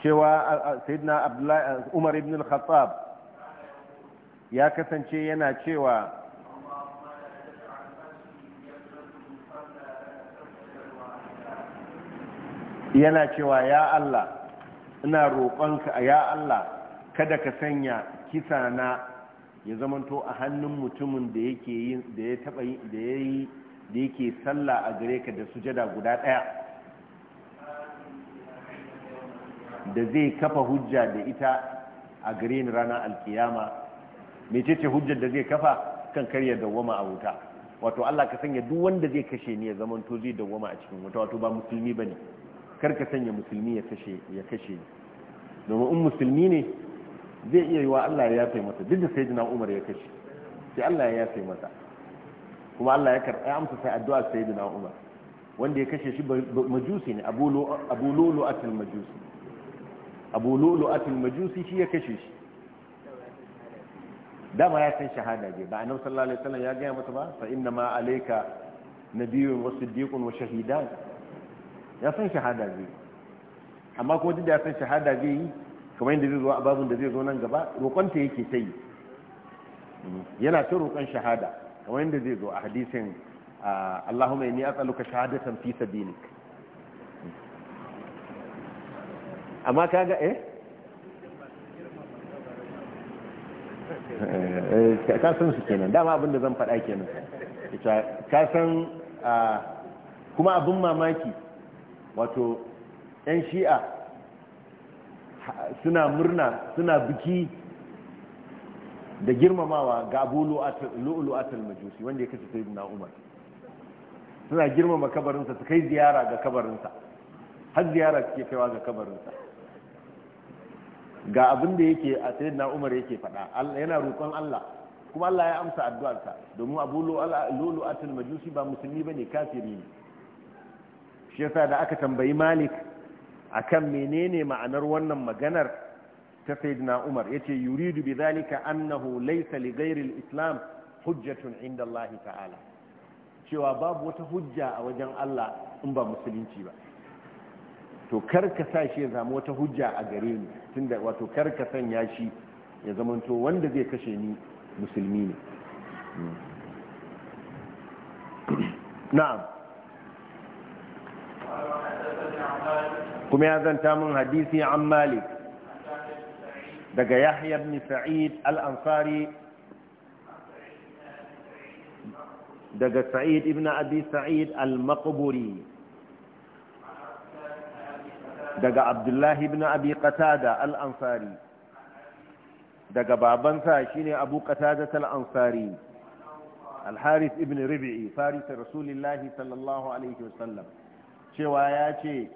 cewa sayyidina uh, umar ibn al-khattab ya kasance yana cewa yana cewa ya Allah ina roƙonka ya Allah kada ka sanya kisa na ya zamanto a hannun mutumin da yake yin da ya taba da yayi da yake sallah a gare ka da sujada guda ɗaya da zai kafa hujja da ita a gare ni ranar alkiyama mecece hujjar da zai kafa kan karya dawwama a wuta wato Allah ka sanya duk wanda zai kashe ni ya zama to zai dawwama a cikin wuta wato ba musulmi bane kar ka sanya musulmi ya kashe ya kashe ni domin in musulmi ne zai iya yi wa Allah ya yafe masa duk da sayyidina Umar ya kashe sai Allah ya yafe masa kuma Allah ya karɓi amsa sai addu'a sayyidina Umar wanda ya kashe shi majusi ne Abu Lulu Atul majusi Abu Lulu Atul majusi shi ya kashe shi dama ya san shahada ne ba annabi sallallahu alaihi wasallam ya gaya masa ba fa inna ma alayka nabiyyun wa siddiqun wa shahidan ya san shahada ne amma kuma duk da ya san shahada ne kamar yadda zai zo a babun da zai zo nan gaba roƙonta yake ta yi yana ta roƙon shahada kamar yadda zai zo a hadisin ah, Allahumma inni tsaluka shahadatan fi sabilik amma kaga eh? eh ka san su kenan dama abin da zan faɗa kenan ka san ah, kuma abin mamaki wato 'yan shi'a suna murna suna biki da girmamawa ga abu lu'ulu'atul majusi wanda ya kace na umar suna girmama kabarinsa su kai ziyara ga kabarinsa har ziyara suke kaiwa ga kabarinsa ga abin da yake a na umar yake faɗa yana roƙon Allah kuma Allah ya amsa addu'arsa domin abu lu'ulu'atul majusi ba musulmi ba ne kafiri ne shi yasa da aka tambayi malik akan menene ma'anar wannan maganar ta sayyidina Umar yace yuridu bi zalika annahu laysa li ghairi al-islam hujjatun inda Allah ta'ala cewa babu wata hujja a wajen Allah in ba musulunci ba to kar ka sa shi ya zama wata hujja a gare ni tunda wato kar ka sanya shi ya zamanto wanda zai kashe ni musulmi ne na'am kuma ya zanta min hadisi an malik daga yahya ibn sa'id al-ansari daga sa'id ibn abi sa'id al-maqburi daga abdullahi ibn abi qatada al-ansari daga babansa shine abu qatada al-ansari al-harith ibn rabi'i faris rasulillahi sallallahu alaihi wasallam cewa ya ce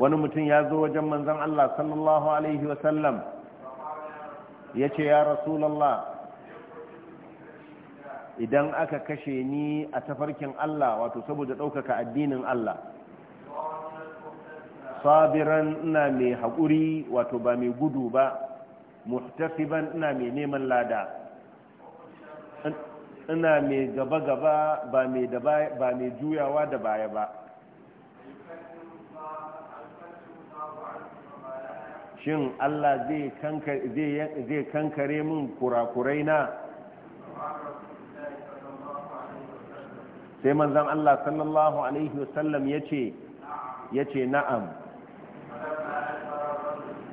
wani mutum ya zo wajen manzan Allah sallallahu alaihi wasallam ya ce ya rasulallah idan aka kashe ni a tafarkin Allah wato saboda ɗaukaka addinin Allah sabiran ina mai haƙuri wato ba mai gudu ba muhtasiban ina mai neman lada ina mai gaba-gaba ba mai juyawa da baya ba shin Allah zai kankare min kurakurai na sai manzan Allah sallallahu Alaihi wasallam ya ce na'am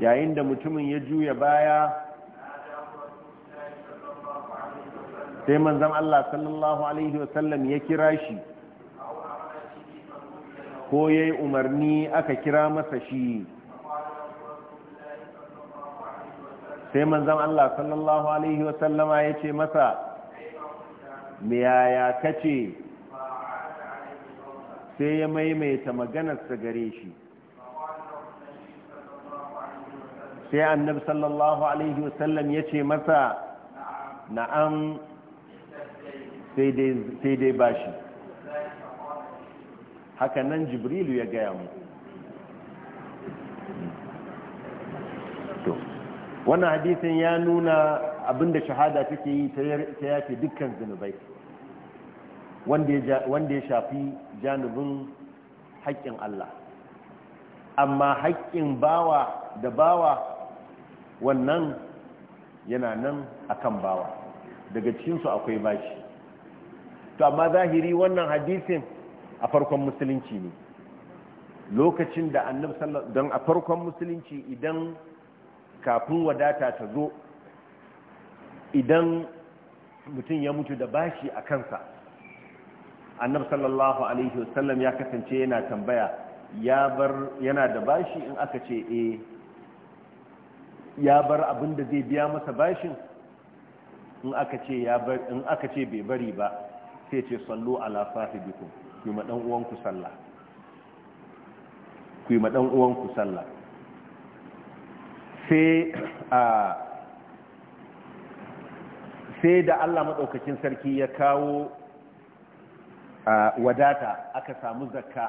yayin da mutumin ya juya baya sai manzan Allah sallallahu Alaihi wasallam ya kira shi ko ya yi umarni aka kira masa shi sai manzon Allah sallallahu alaihi wasallama ya ce masa yaya kace sai ya maimaita maganarsa gare shi sai annabi sallallahu alaihi wasallam ya ce masa na'am sai dai bashi haka nan jibrilu ya gaya mu wannan hadisin ya nuna abinda shahada take yi ta yafe dukkan zunubai wanda ya shafi janubin haƙƙin Allah amma haƙƙin bawa da bawa wannan yana nan akan bawa daga cikinsu akwai bashi to amma zahiri wannan hadisin a farkon musulunci ne lokacin da wasallam don a farkon musulunci idan kafin wadata ta zo idan mutum ya mutu da bashi a kansa annab sallallahu alaihi wasallam ya kasance yana tambaya ya bar yana da bashi in aka ce eh ya bar abin da zai biya masa bashin in aka ce ya bar in aka ce bai bari ba sai ce sallu ala sahibikum ku ma dan uwanku sallah ku ma dan uwanku sallah sai sai da Allah maɗaukakin sarki ya kawo wadata aka samu zakka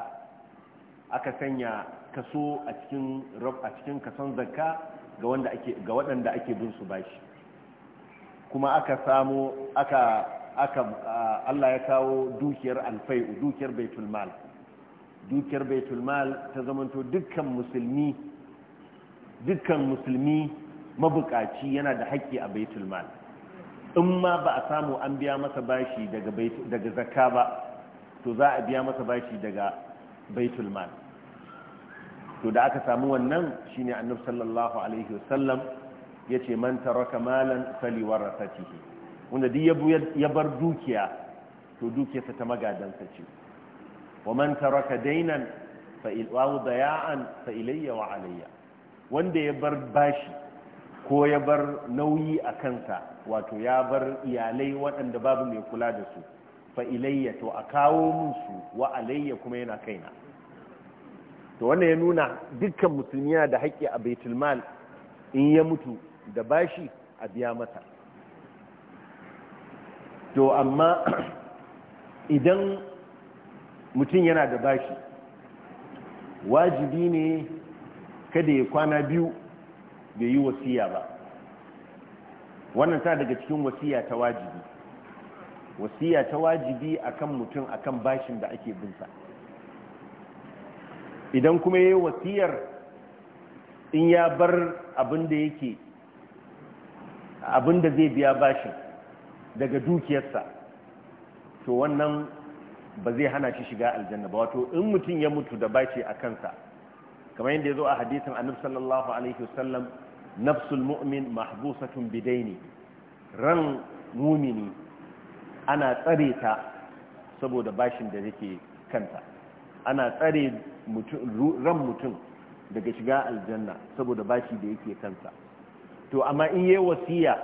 aka sanya kaso a cikin a kason zakka ga waɗanda ake bin su bashi kuma aka samu aka Allah ya kawo dukiyar alfai dukiyar baitulmal dukiyar baitulmal ta zamanto dukkan musulmi dukkan musulmi mabukaci yana da haƙƙi a baitul mal in ma ba a samu an biya masa bashi daga daga zakka ba to za a biya masa bashi daga baitul mal to da aka samu wannan shine annabi sallallahu alaihi wasallam yace man taraka malan fali warasatihi wanda duk ya bar dukiya to dukiyarsa ta magadansa ce wa man taraka dainan fa ilayya wa alayya wanda ya bar bashi ko ya bar nauyi a kansa wato ya bar iyalai waɗanda babu mai kula da su fa ilayya to a kawo musu su wa alayya kuma yana kaina to wannan ya nuna dukkan musulmi yana da haƙƙi a baitul mal in ya mutu da bashi a biya mata. to amma idan mutum yana da bashi wajibi ne kada ya kwana biyu bai yi wasiya ba wannan ta daga cikin wasiya ta wajibi wasiya ta wajibi akan mutum akan bashin da ake binsa idan kuma ya yi wasiyar in ya bar abin da yake abin da zai biya bashin daga dukiyarsa to wannan ba zai hana shi shiga aljanna ba wato in mutum ya mutu da bashi a kansa kamar yadda ya zo a hadisin annab sallallahu alaihi wasallam nafsul mu'min mahbusatun bidaini ran mumini ana tsare ta saboda bashin da yake kanta ana tsare ran mutum daga shiga aljanna saboda bashi da yake kansa to amma in yayi wasiya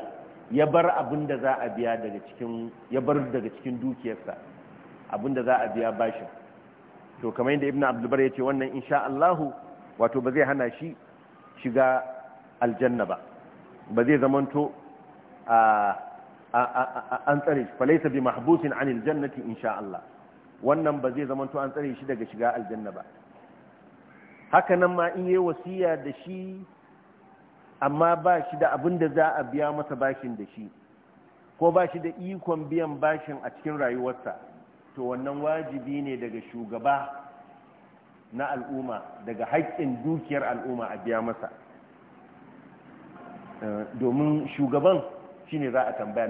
ya bar abin da za a biya daga cikin ya bar daga cikin dukiyarsa abin da za a biya bashin to kamar yadda ibnu abdulbar yace wannan insha allahu. wato ba zai hana shi shiga aljanna ba ba zai zamanto an tsare shi falaisa bi mahbusin anil jannati insha Allah wannan ba zai zamanto an tsare shi daga shiga aljanna ba haka nan ma in yi wasiya da shi amma ba shi da abin da za a biya masa bashin da shi ko ba shi da ikon biyan bashin a cikin rayuwarsa to wannan wajibi ne daga shugaba na al'umma daga haƙƙin dukiyar al'umma a biya masa eh, domin shugaban shi ne za a tambaya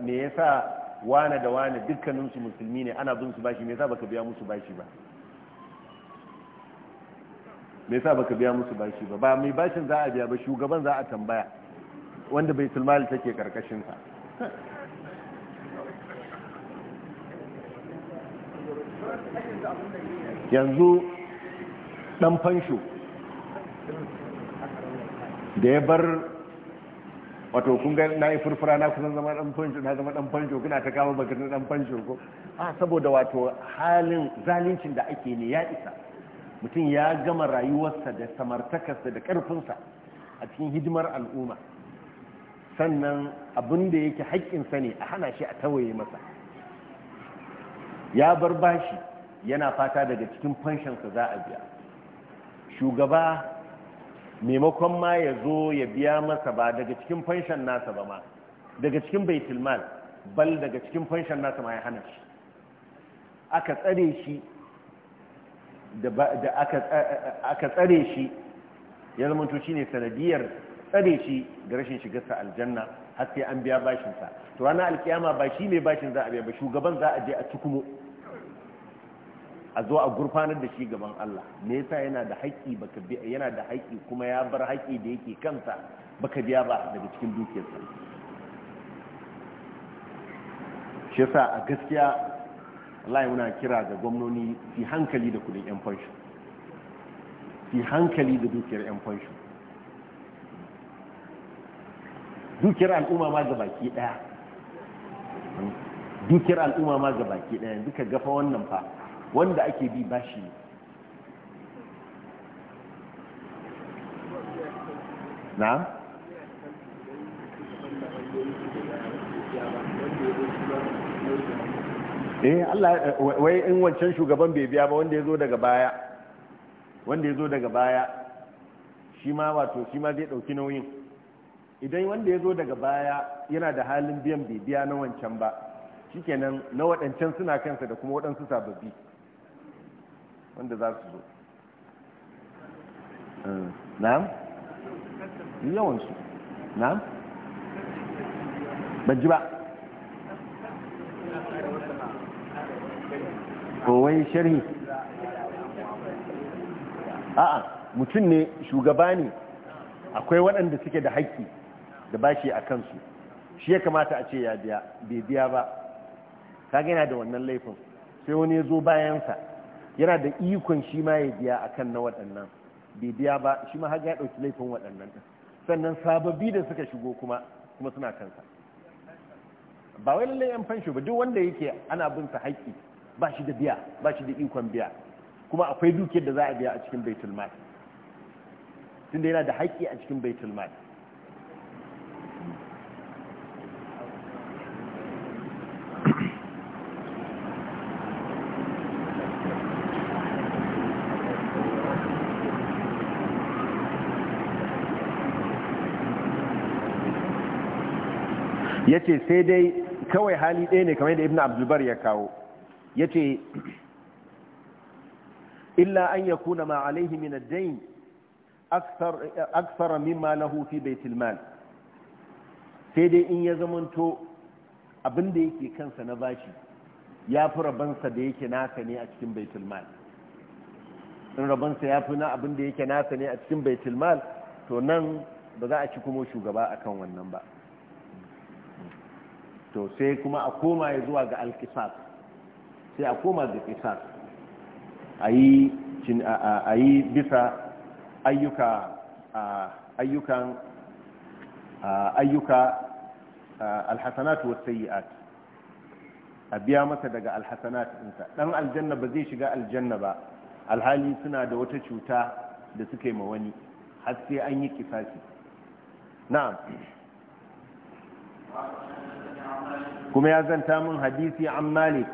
me ya sa wane da wane dukkaninsu musulmi ne ana bin su bashi me sa baka biya musu bashi ba me sa baka biya musu bashi ba ba mai bashin za a biya ba shugaban za a tambaya wanda bai sulmali take karkashin sa yanzu Ɗan fansho da ya bar wato kun ga na yi furfura na kusan zama dan fansho na zama dan fansho kuna ta kawo bakar na dan fansho ko a saboda wato halin zalincin da ake ne ya isa mutum ya gama rayuwarsa da samartakarsa da karfinsa a cikin hidimar al'umma sannan abin da yake haƙƙinsa ne a hana shi a tawaye masa ya bar bashi yana fata daga cikin fanshansa za a biya shugaba maimakon ma ya zo ya biya masa ba daga cikin fanshan nasa ba ma daga cikin baitulmal bal daga cikin fanshan nasa ma ya hana shi aka tsare shi da aka tsare shi ya zamanto ne sanadiyar tsare shi da rashin shigarsa aljanna har sai an biya bashinsa to ranar alkiyama ba shi mai bashin za a biya ba shugaban za a je a tukumo a zo a gurfanar da shi gaban Allah me yasa yana da haƙƙi baka yana da haƙƙi kuma ya bar haƙƙi da yake kansa baka biya ba daga cikin dukiyarsa shi yasa a gaskiya Allah yana kira ga gwamnoni fi hankali da kudin yan fansho fi hankali da dukiyar yan fansho dukiyar al'umma ma ga baki daya dukiyar al'umma ma ga baki daya duka gafa wannan fa wanda ake bi bashi ne na? eh Allah wai in wancan shugaban bai biya ba wanda ya zo daga baya wanda ya zo daga baya shi ma wato shi ma zai ɗauki nauyin idan wanda ya zo daga baya yana da halin biyan bai biya na wancan ba shikenan na waɗancan suna kansa da kuma waɗansu sababbi wanda za su zo eh, na'am yawansu na'am ban ji ba kowai sharhi a'a mutum ne shugaba ne akwai waɗanda suke da haƙƙi da bashi a kansu shi ya kamata a ce ya biya bai biya ba ka gina da wannan laifin sai wani ya zo bayansa yana da ikon shi ma ya biya a kan na waɗannan bai biya ba shi ma har ya ɗauki laifin waɗannan sannan sababi da suka shigo kuma kuma suna kansa ba wai lallai yan fansho ba duk wanda yake ana bin sa haƙƙi ba shi da biya ba shi da ikon biya kuma akwai dukiyar da za a biya a cikin baitul mal tunda yana da haƙƙi a cikin baitul mal ya ce sai dai kawai hali ɗaya ne kamar da ibn abdulbar ya kawo ya ce illa an ya kuna ma alaihi min addain aksara mimma lahu fi baitul mal sai dai in ya zamanto abin da yake kansa na bashi ya fi rabansa da yake nasa ne a cikin baitul mal in rabansa ya fi na abin da yake nasa ne a cikin baitul mal to nan ba za a ci kuma shugaba akan wannan ba to sai kuma a koma ya zuwa ga alkisar sai a koma ga kisas a yi bisa ayyuka ayyukan ayyuka alhassanatu wasu yi a biya masa daga alhassanatu ɗinsa ɗan aljanna ba zai shiga aljanna ba alhali suna da wata cuta da suka ma wani har sai an yi kisasi na'am kuma ya zanta min hadisi an malik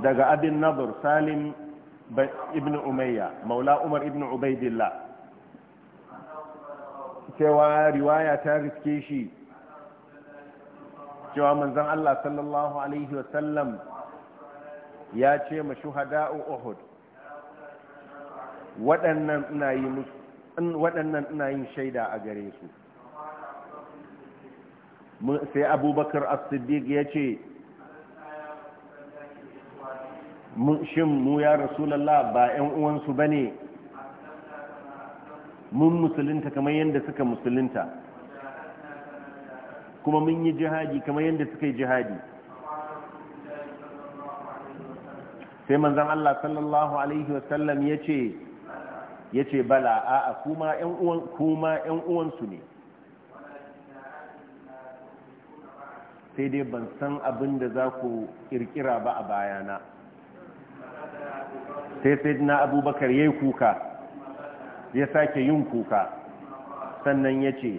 daga abin nabur salim ibn umayya maula umar ibn ubaidillah cewa riwaya ta riske shi cewa manzan allah sallallahu alaihi wasallam ya ce ma shuhada'u uhud waɗannan ina yin shaida a gare su sai abubakar as-siddiq ya ce shin mu ya rasulallah ba 'yan uwansu ba ne mun musulunta kamar yadda suka musulunta kuma mun yi jihadi kamar yadda suka yi jihadi sai manzan Allah sallallahu Alaihi wasallam ya ce bala a kuma 'yan uwansu ne sai dai ban san abin da za ku kirkira ba a bayana sai sai na abubakar ya yi kuka ya sake yin kuka sannan ya ce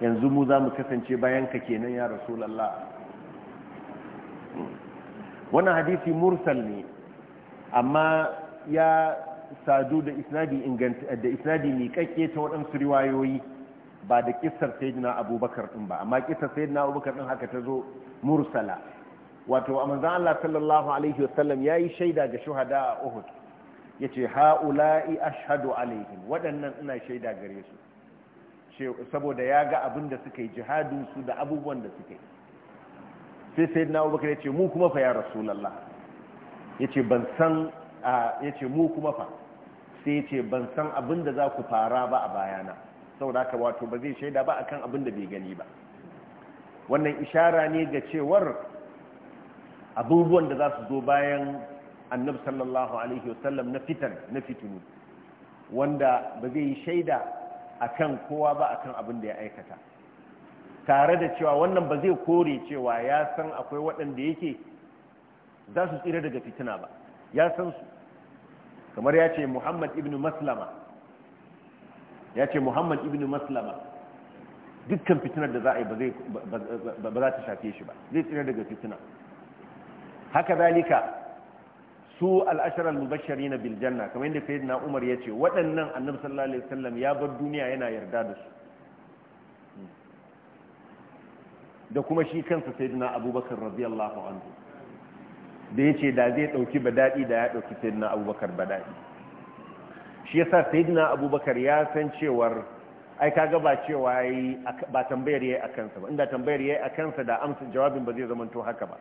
yanzu mu za mu kasance bayan ka kenan ya rasulallah wannan hadisi mursal ne amma ya sadu da isnadi da isnadi ta waɗansu riwayoyi ba da kisar sayyidina abubakar din ba amma kisar sayyidina abubakar din haka ta zo mursala wato a manzan Allah sallallahu alaihi wasallam ya yi shaida ga shuhada a Uhud ya ce ha'ula'i ashadu alaihim waɗannan ina shaida gare su saboda ya ga abin da suka yi jihadin su da abubuwan da suka yi sai sayyidina abubakar ya ce mu kuma fa ya rasulullah ya ce ban san ya ce mu kuma fa sai ya ce ban san abin da za ku fara ba a bayana saboda wato ba zai shaida ba akan abin da bai gani ba wannan ishara ne ga cewar abubuwan da za su zo bayan annabi sallallahu alaihi wasallam na fitan na fitinu wanda ba zai yi shaida akan kowa ba akan abin da ya aikata tare da cewa wannan ba zai kore cewa ya san akwai waɗanda yake za su tsira daga fitina ba ya san su kamar ya ce muhammad ibn maslama ya ce muhammad ibn maslama dukkan fitinar da za a yi ba za ta shafe shi ba zai tsira daga fitina haka zalika su al'asharar mubashari na biljanna kamar yadda fedina na umar ya ce waɗannan annabi sallallahu alaihi wasallam ya bar duniya yana yarda da su da kuma shi kansa sai na abubakar radiyallahu anhu da ya ce da zai ɗauki badaɗi da ya ɗauki fedina na abubakar badaɗi shi yasa saidina abubakar ya san cewar ai kaga ba cewa yi ba tambayar yayi a kansa ba inda tambayar yayi a kansa da amsa jawabin ba zai zama to haka ba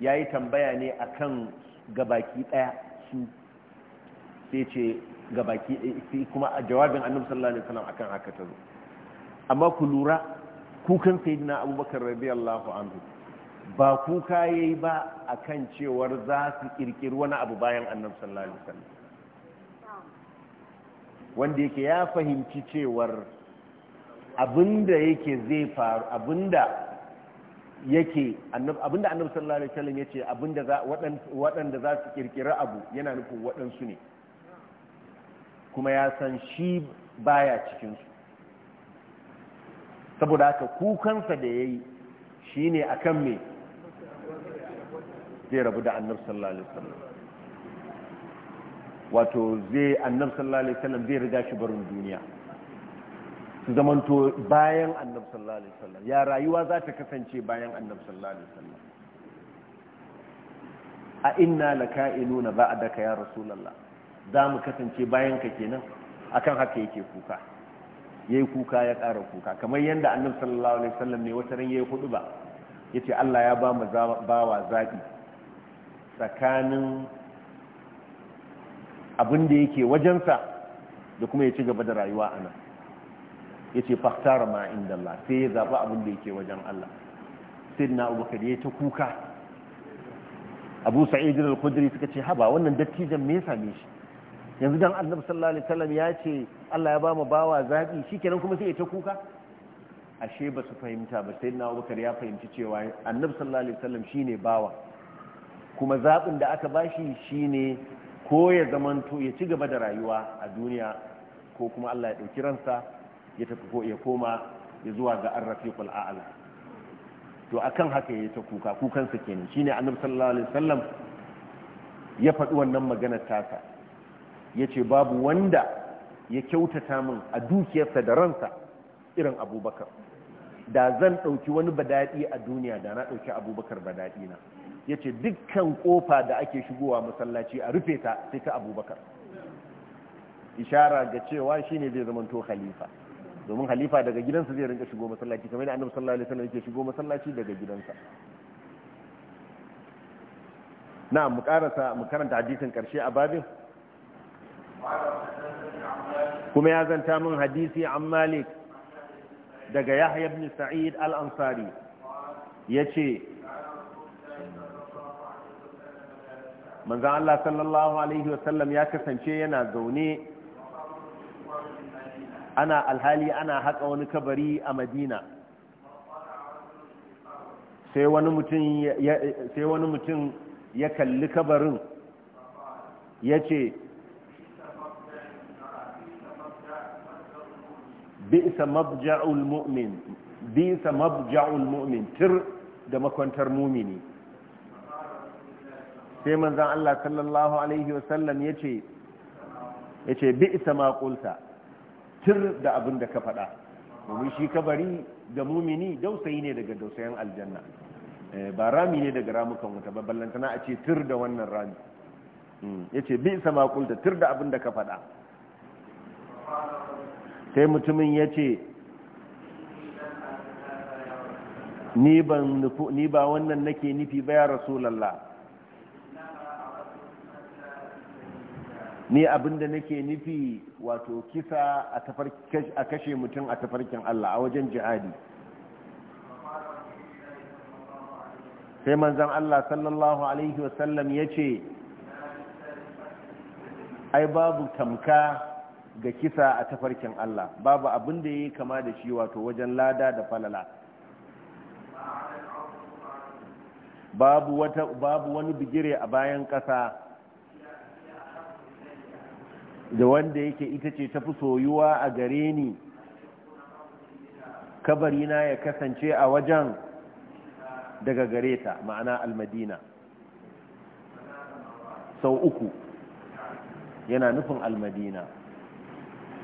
yayi tambaya ne akan gabaki daya su sai ce gabaki sai kuma a jawabin annabi sallallahu alaihi wasallam akan haka tazo amma ku lura kukan saidina abubakar radiyallahu anhu ba kuka yayi ba akan cewar za su kirkiri wani abu bayan annabi sallallahu alaihi wasallam wanda yake ya fahimci cewar abinda yake zai faru abinda yake abinda annabi sallallahu alaihi wasallam yace abinda waɗanda za su kirkira abu yana nufin waɗansu ne kuma ya san shi baya cikin su saboda haka kukansa da yayi shine akan me zai rabu da annabi sallallahu alaihi wasallam wato zai annab sallallahu alaihi wasallam zai riga shi barin duniya su zamanto bayan annab sallallahu alaihi wasallam ya rayuwa za ta kasance bayan annab sallallahu alaihi wasallam a inna laka'inuna ba'daka ya rasulullah za mu kasance bayan ka kenan akan haka yake kuka yayi kuka ya ƙara kuka kamar yadda annab sallallahu alaihi wasallam ne wata ran yayi hudu ba yace Allah ya ba mu bawa zabi tsakanin abin da yake wajensa da kuma ya ci gaba da rayuwa a nan ya ce fahtara ma inda Allah sai ya zaɓi abin da yake wajen Allah sai na abubakar ya ta kuka abu sa'idin al-kudri suka ce haba wannan dattijan me ya same shi yanzu don annabi sallallahu alaihi ya ce Allah ya ba mu bawa shi kenan kuma sai ya ta kuka ashe ba su fahimta ba sai na ya fahimci cewa annabi sallallahu alaihi wasallam shine bawa kuma zaɓin da aka bashi shine ko ya zamanto ya ci gaba da rayuwa a duniya ko kuma Allah ya ɗauki ransa ya tafi ko ya koma ya zuwa ga arrafiqul a'la to akan haka yayi ta kuka kukan sa kenan shine annabi sallallahu alaihi wasallam ya faɗi wannan maganar tasa yace babu wanda ya kyautata min a dukiyarsa da ransa irin Abubakar da zan ɗauki wani badaɗi a duniya da na ɗauki Abubakar badaɗi na Yace dukkan kofa da ake shigowa masallaci a rufe ta sai ta abubakar ishara ga cewa shi ne zai zamanto khalifa domin halifa daga gidansa zai rinka shigo masallaci kamar yadda annabi sallallahu alaihi wasallam yake shigo masallaci daga gidansa na mu karanta mu karanta hadisin karshe a babin kuma ya zanta min hadisi an malik daga yahya ibn sa'id al-ansari yace manzan Allah sallallahu alaihi wasallam ya kasance yana zaune ana alhali ana haka wani kabari a madina sai wani mutum ya kalli kabarin ya ce bisa mabja'ul mu'min bisa mabja'ul mu'min tir da makwantar mumini sai manzan Allah sallallahu alaihi wasallam ya ce ya ce bi isa makulta tir da abin da ka faɗa domin shi kabari da mumini dausayi ne daga dausayin aljanna eh, ba rami ne daga ramukan wata ba ballantana a ce tir da wannan rami hmm, ya ce bi isa makulta tir da abin da ka faɗa sai mutumin ya ce ni ba wannan nake nufi ba ya rasulallah ni abinda nake nufi wato kisa a kashe mutum a tafarkin Allah a wajen jihadi sai manzan Allah sallallahu Alaihi wasallam ya ce ai babu tamka ga kisa a tafarkin Allah babu abinda ya yi kama da shi wato wajen lada da falala babu wani bigire a bayan kasa. da wanda yake ita ce tafi soyuwa a gare ni kabarina ya kasance a wajen daga gare ta ma'ana almadina sau uku yana nufin almadina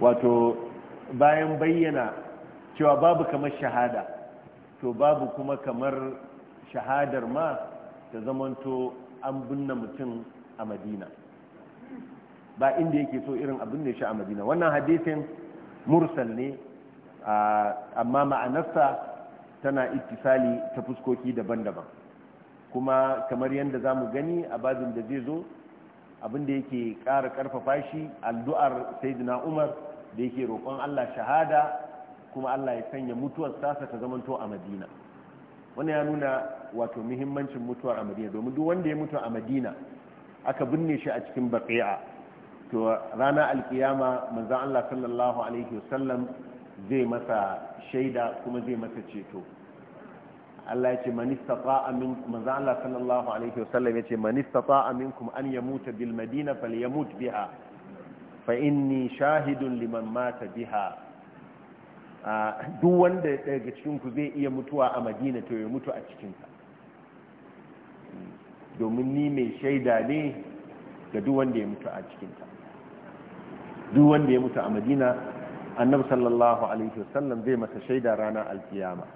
wato bayan bayyana cewa babu kamar shahada to babu kuma kamar shahadar ma ta zamanto an binne mutum a madina ba inda yake so irin abin da shi a madina wannan hadisin mursal ne amma ma'anarsa tana ittisali ta fuskoki daban-daban kuma kamar yadda za mu gani a bazin da zai zo abin da yake ƙara ƙarfafa shi addu'ar sayyidina umar da yake roƙon allah shahada kuma allah ya sanya mutuwar sasa ta zamanto a madina wani ya nuna wato muhimmancin mutuwar a madina domin duk wanda ya mutu a madina aka binne shi a cikin baƙi'a cewa rana alkiyama manzan Allah sallallahu alaihi wasallam zai masa shaida kuma zai masa ceto Allah ya ce manistata amin manzan Allah sallallahu alaihi wasallam ya ce manistata aminkum an yamuta bil madina mutu biha fa inni shahidun liman mata biha duk wanda daga cikin ku zai iya mutuwa a madina to ya mutu a ta domin ni mai shaida ne ga duk wanda ya mutu a ta duk wanda ya mutu a madina annabi sallallahu alaihi wasallam zai masa shaida rana alkiyama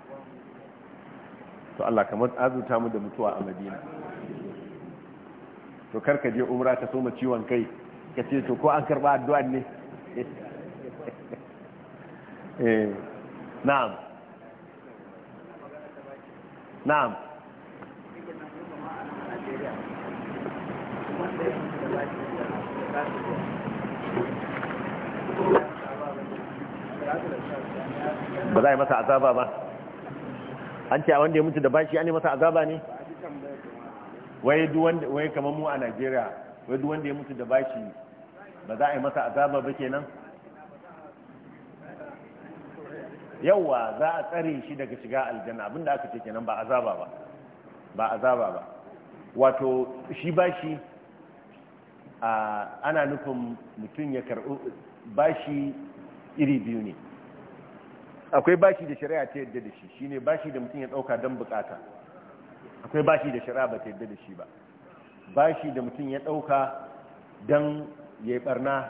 to Allah kamar azuta mu da mutuwa a madina to karka je umra ka soma ciwon kai ka ce to ko an karba addu'a ne eh na'am na'am Thank you. ba za a yi masa azaba ba an ce a wanda ya mutu da bashi an yi masa azaba ne wai kamar mu a najeriya wai duk wanda ya mutu da bashi ba za a yi masa azaba ba kenan yauwa za a tsare shi daga shiga aljanna abinda aka ce kenan ba azaba ba ba azaba ba wato shi bashi ana nufin mutum ya karɓi bashi iri biyu ne akwai bashi da shari'a ta yadda da shi shine bashi da mutum ya dauka don bukata akwai bashi da shari'a ba ta yadda da shi ba bashi da mutum ya ɗauka don ya yi barna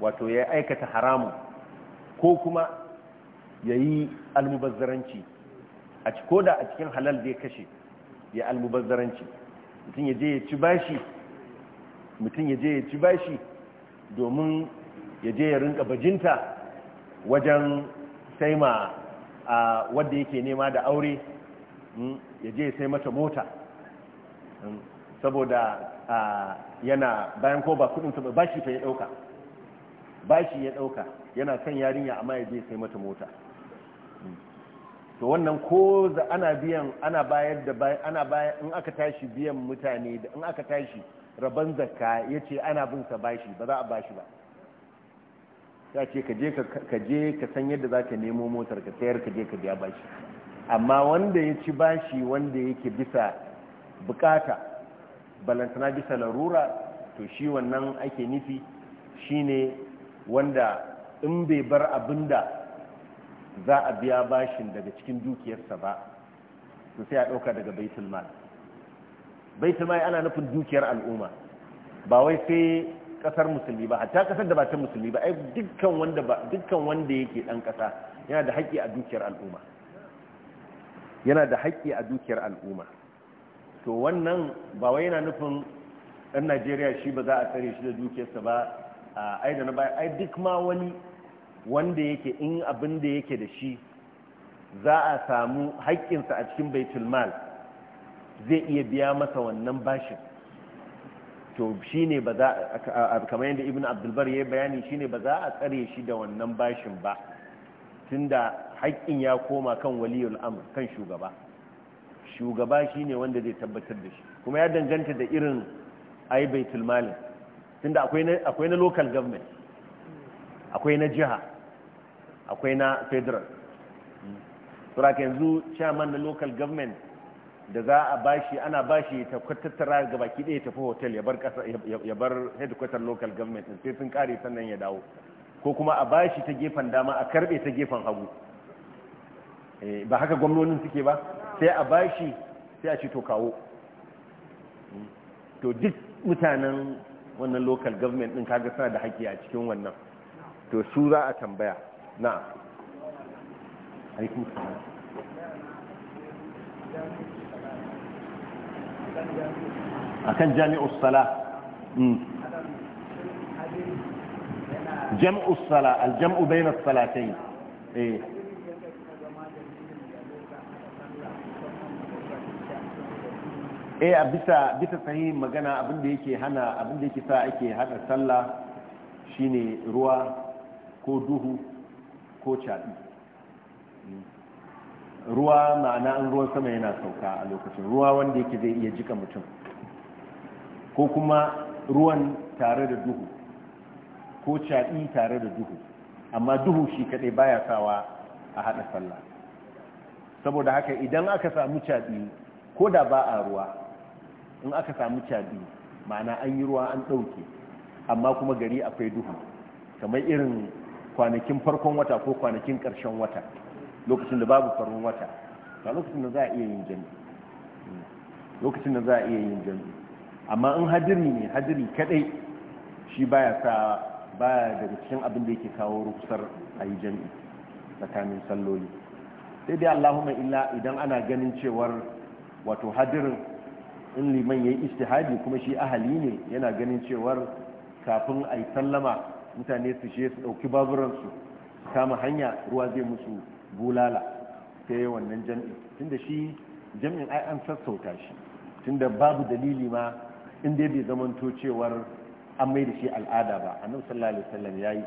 wato ya aikata haramun ko kuma ya yi almubazzaranci a ko da a cikin halal zai kashe ya almubazzaranci mutum ya je ya ci bashi mutum ya je ya ci bashi domin ya je ya rinka bajinta wajen sai ma wadda yake nema da aure hmm, ya je sai mata mota hmm, saboda yana bayan ko ba kudin ba bashi ta ya dauka bashi ya dauka yana son yarinya amma ya je sai mata mota hmm. to wannan ko za ana biyan ana bayar da ana bayar in aka tashi biyan mutane da in aka tashi rabon zakka yace ana bin sa bashi ba za a bashi ba ya ce ka je ka san yadda za ka nemo motar ka sayar ka je ka biya bashi amma wanda ya ci bashi wanda yake bisa bukata balantana bisa larura to shi wannan ake nufi shine wanda in bai bar abin da za a biya bashin daga cikin dukiyarsa ba to sai a ɗauka daga baitulmai baitulmai ana nufin dukiyar al'umma ba wai sai kasar musulmi ba hatta kasar da ba ta musulmi ba ai dukkan wanda ba dukkan wanda yake dan kasa yana da haƙƙi a dukiyar al'umma yana da haƙƙi a dukiyar al'umma to wannan ba wai yana nufin dan Najeriya shi ba za a tsare shi da dukiyarsa ba ai da na ba ai duk ma wani wanda yake in abin da yake da shi za a samu haƙƙinsa a cikin baitul mal zai iya biya masa wannan bashin to shine ba za a kamar yadda ibn abdulbar ya bayani shine ba za a tsare shi da wannan bashin ba Tun da haƙƙin ya koma kan waliyar amur kan shugaba shugaba shine wanda zai tabbatar da shi kuma ya danganta da irin aibai tulmalin tun da akwai na local government akwai na jiha akwai na federal saboda yanzu chairman na local government da za a bashi ana bashi ta tattara ga baki ɗaya tafi hotel ya bar kasa ya bar headquarter local government sai sun kare sannan ya dawo ko kuma a bashi ta gefen dama a karbe ta gefen hagu eh, ba haka gwamnonin suke ba sai a bashi sai a ci to kawo hmm. to duk mutanen wannan local government ɗin kaga suna da haƙƙi a cikin wannan to su za a tambaya na Thank you. akan jami'us sala hmm. jam'us sala aljam'u bayna salatayn eh eh a bisa bisa sahihin magana abin da yake hana abin da yake sa ake hada sallah shine ruwa ko duhu ko chaɗi hmm. ruwa ma'ana an ruwan sama yana sauka a lokacin ruwa wanda yake zai iya jika mutum ko kuma ruwan tare da duhu ko caɗi tare da duhu amma duhu shi kaɗai baya sawa a haɗa sallah saboda haka idan aka samu caɗi ko da ba a ruwa in aka samu caɗi ma'ana an yi ruwa an ɗauke amma kuma gari akwai duhu kamar irin kwanakin farkon wata ko kwanakin ƙarshen wata lokacin da babu farin wata ba lokacin da za a iya yin jami'i lokacin da za a iya yin jami'i amma in hadiri ne hadiri kadai shi baya sa baya daga cikin abin da yake kawo rukusar a yi jami'i tsakanin salloli sai dai allahumma illa idan ana ganin cewar wato hadirin in liman ya yi istihadi kuma shi ahali ne yana ganin cewar kafin a yi sallama mutane su je su ɗauki baburansu kama hanya ruwa zai musu bulala sai yi wannan jam'i tunda shi jam'in ai an sassauta shi da babu dalili ma in dai bai zamanto cewar an mai da shi al'ada ba annabi sallallahu alaihi wasallam yayi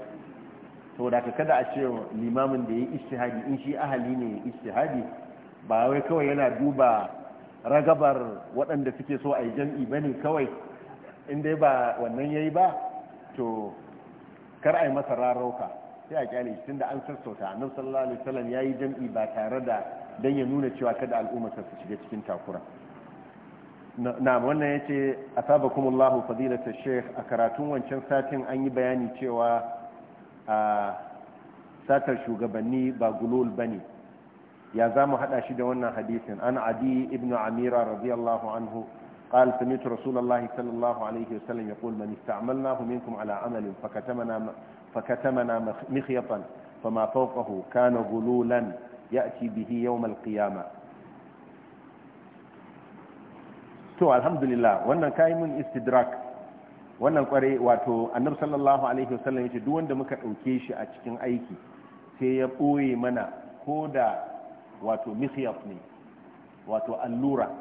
saboda ka kada a ce limamin da yayi ijtihadi in shi ahali ne ijtihadi ba wai kawai yana duba ragabar waɗanda suke so a yi jam'i ne kawai in dai ba wannan yayi ba to kar a yi masa rarauka sai a kyale shi da an sassauta annabi sallallahu alaihi wasallam yayi jam'i ba tare da dan ya nuna cewa kada al'umma su shiga cikin takura na wannan yace asabakumullahu fadilatu sheikh a karatun wancan satin an yi bayani cewa a satar shugabanni ba gulul bane ya za mu hada shi da wannan hadisin an adi ibnu amira radiyallahu anhu قال سمعت رسول الله صلى الله عليه وسلم يقول من استعملناه منكم على فكتمنا مخيطا فما فوقه كان غلولا يأتي به يوم القيامة to alhamdulillah wannan kayi mun istidrak wannan kware wato annabi sallallahu alaihi wasallam yace duk wanda muka dauke shi a cikin aiki sai ya boye mana koda wato mikhyaf ne wato allura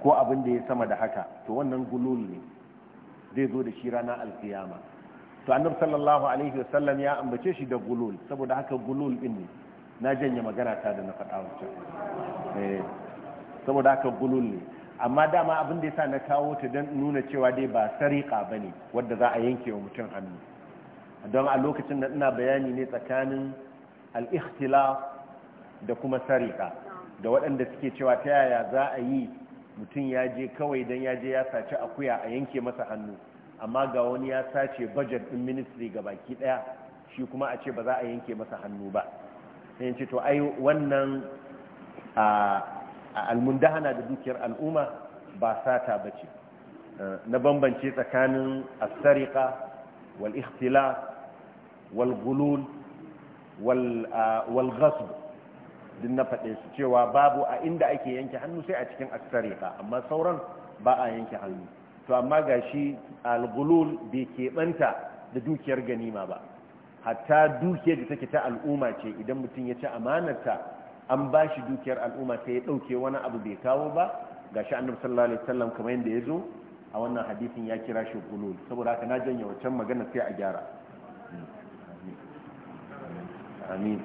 ko abin da ya sama da haka to wannan gulul ne zai zo da shi ranar alkiyama to annabi sallallahu alaihi wasallam ya ambace shi da gulul saboda haka gulul din ne na janye magana ta da na faɗa wancan eh, saboda haka gulul ne amma dama abin da yasa na kawo ta don nuna cewa dai ba sariƙa ne wanda za a yanke wa mutum hannu don a lokacin da ina bayani ne tsakanin al-ikhtilaf da kuma sariƙa da waɗanda suke cewa ta yaya za a yi mutum ya je kawai don ya je ya saci akuya a yanke masa hannu amma ga wani ya sace budget din ministry ga baki daya shi kuma a ce ba za a yanke masa hannu ba sai yace to ai wannan almundahana da dukiyar al'umma ba sata bace eh, na bambance tsakanin as-sariqa wal ikhtilaf wal ghulul wal wal ghasb din na faɗe su cewa babu a inda ake yanke hannu sai a cikin as-sariqa amma sauran ba a yanke hannu to amma gashi al-gulul bai keɓanta da dukiyar ganima ba hatta dukiyar da take ta al'umma ce idan mutum ya ci amanarta an ba shi dukiyar al'umma sai ya ɗauke wani abu bai kawo ba ga shi annabi sallallahu alaihi wasallam kamar yadda ya zo a wannan hadisin ya kira shi gulul saboda haka na janye wancan magana sai a gyara amin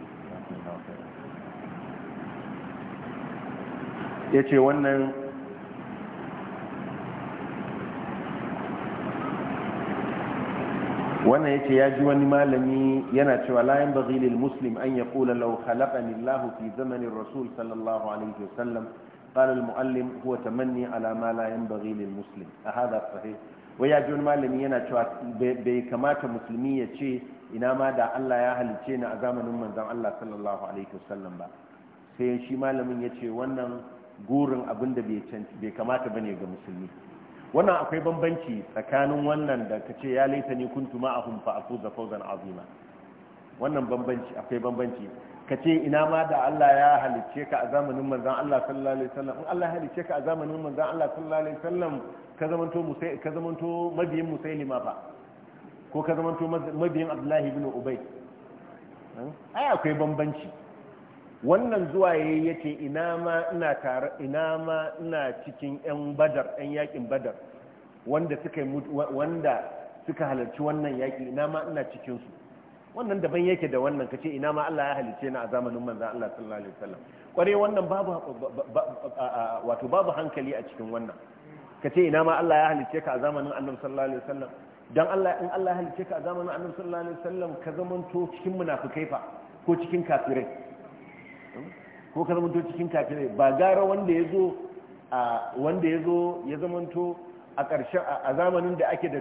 ya ce wannan wannan ce ya ji wani malami yana cewa la yan baghi lil muslim an yaqula law khalaqani Allah fi zamanin rasul sallallahu alaihi wasallam قال المعلم هو تمني على ما لا ينبغي للمسلم هذا صحيح ويا جون malami yana cewa bai kamata musulmi ya ce ina ma da Allah ya halice ni a zamanin manzon Allah sallallahu alaihi wasallam ba sai shi malamin ya ce wannan gurin abin da bai kamata ba ne ga musulmi wannan akwai bambanci tsakanin wannan da ka ce ya laita ni kuntu ma'ahum fa afuza fauzan azima wannan bambanci akwai bambanci ka ce ina ma da Allah ya halicce ka a zamanin manzon Allah sallallahu alaihi wasallam in Allah halicce ka a zamanin manzon Allah sallallahu alaihi wasallam ka zamanto musai ka zamanto mabiyin musailima fa ko ka zamanto mabiyin Abdullahi ibn Ubay hmm? ai akwai bambanci wannan zuwa ya yi yake ina ma ina cikin yan badar yan yakin badar wanda suka halarci wannan yaki ina ma ina cikinsu wannan daban yake da wannan kace ina ma Allah ya halice ni a zamanin manzan Allah sallallahu alaihi wasallam kware wannan babu wato babu hankali a cikin wannan kace ina ma Allah ya halice ka a zamanin Annabi sallallahu alaihi wasallam dan Allah in Allah ya halice ka a zamanin Annabi sallallahu alaihi wasallam ka zamanto cikin munafikai fa ko cikin kafirai ko ka zamanto cikin kafin ba gara wanda ya zo wanda ya zo ya zamanto a ƙarshen a zamanin da ake da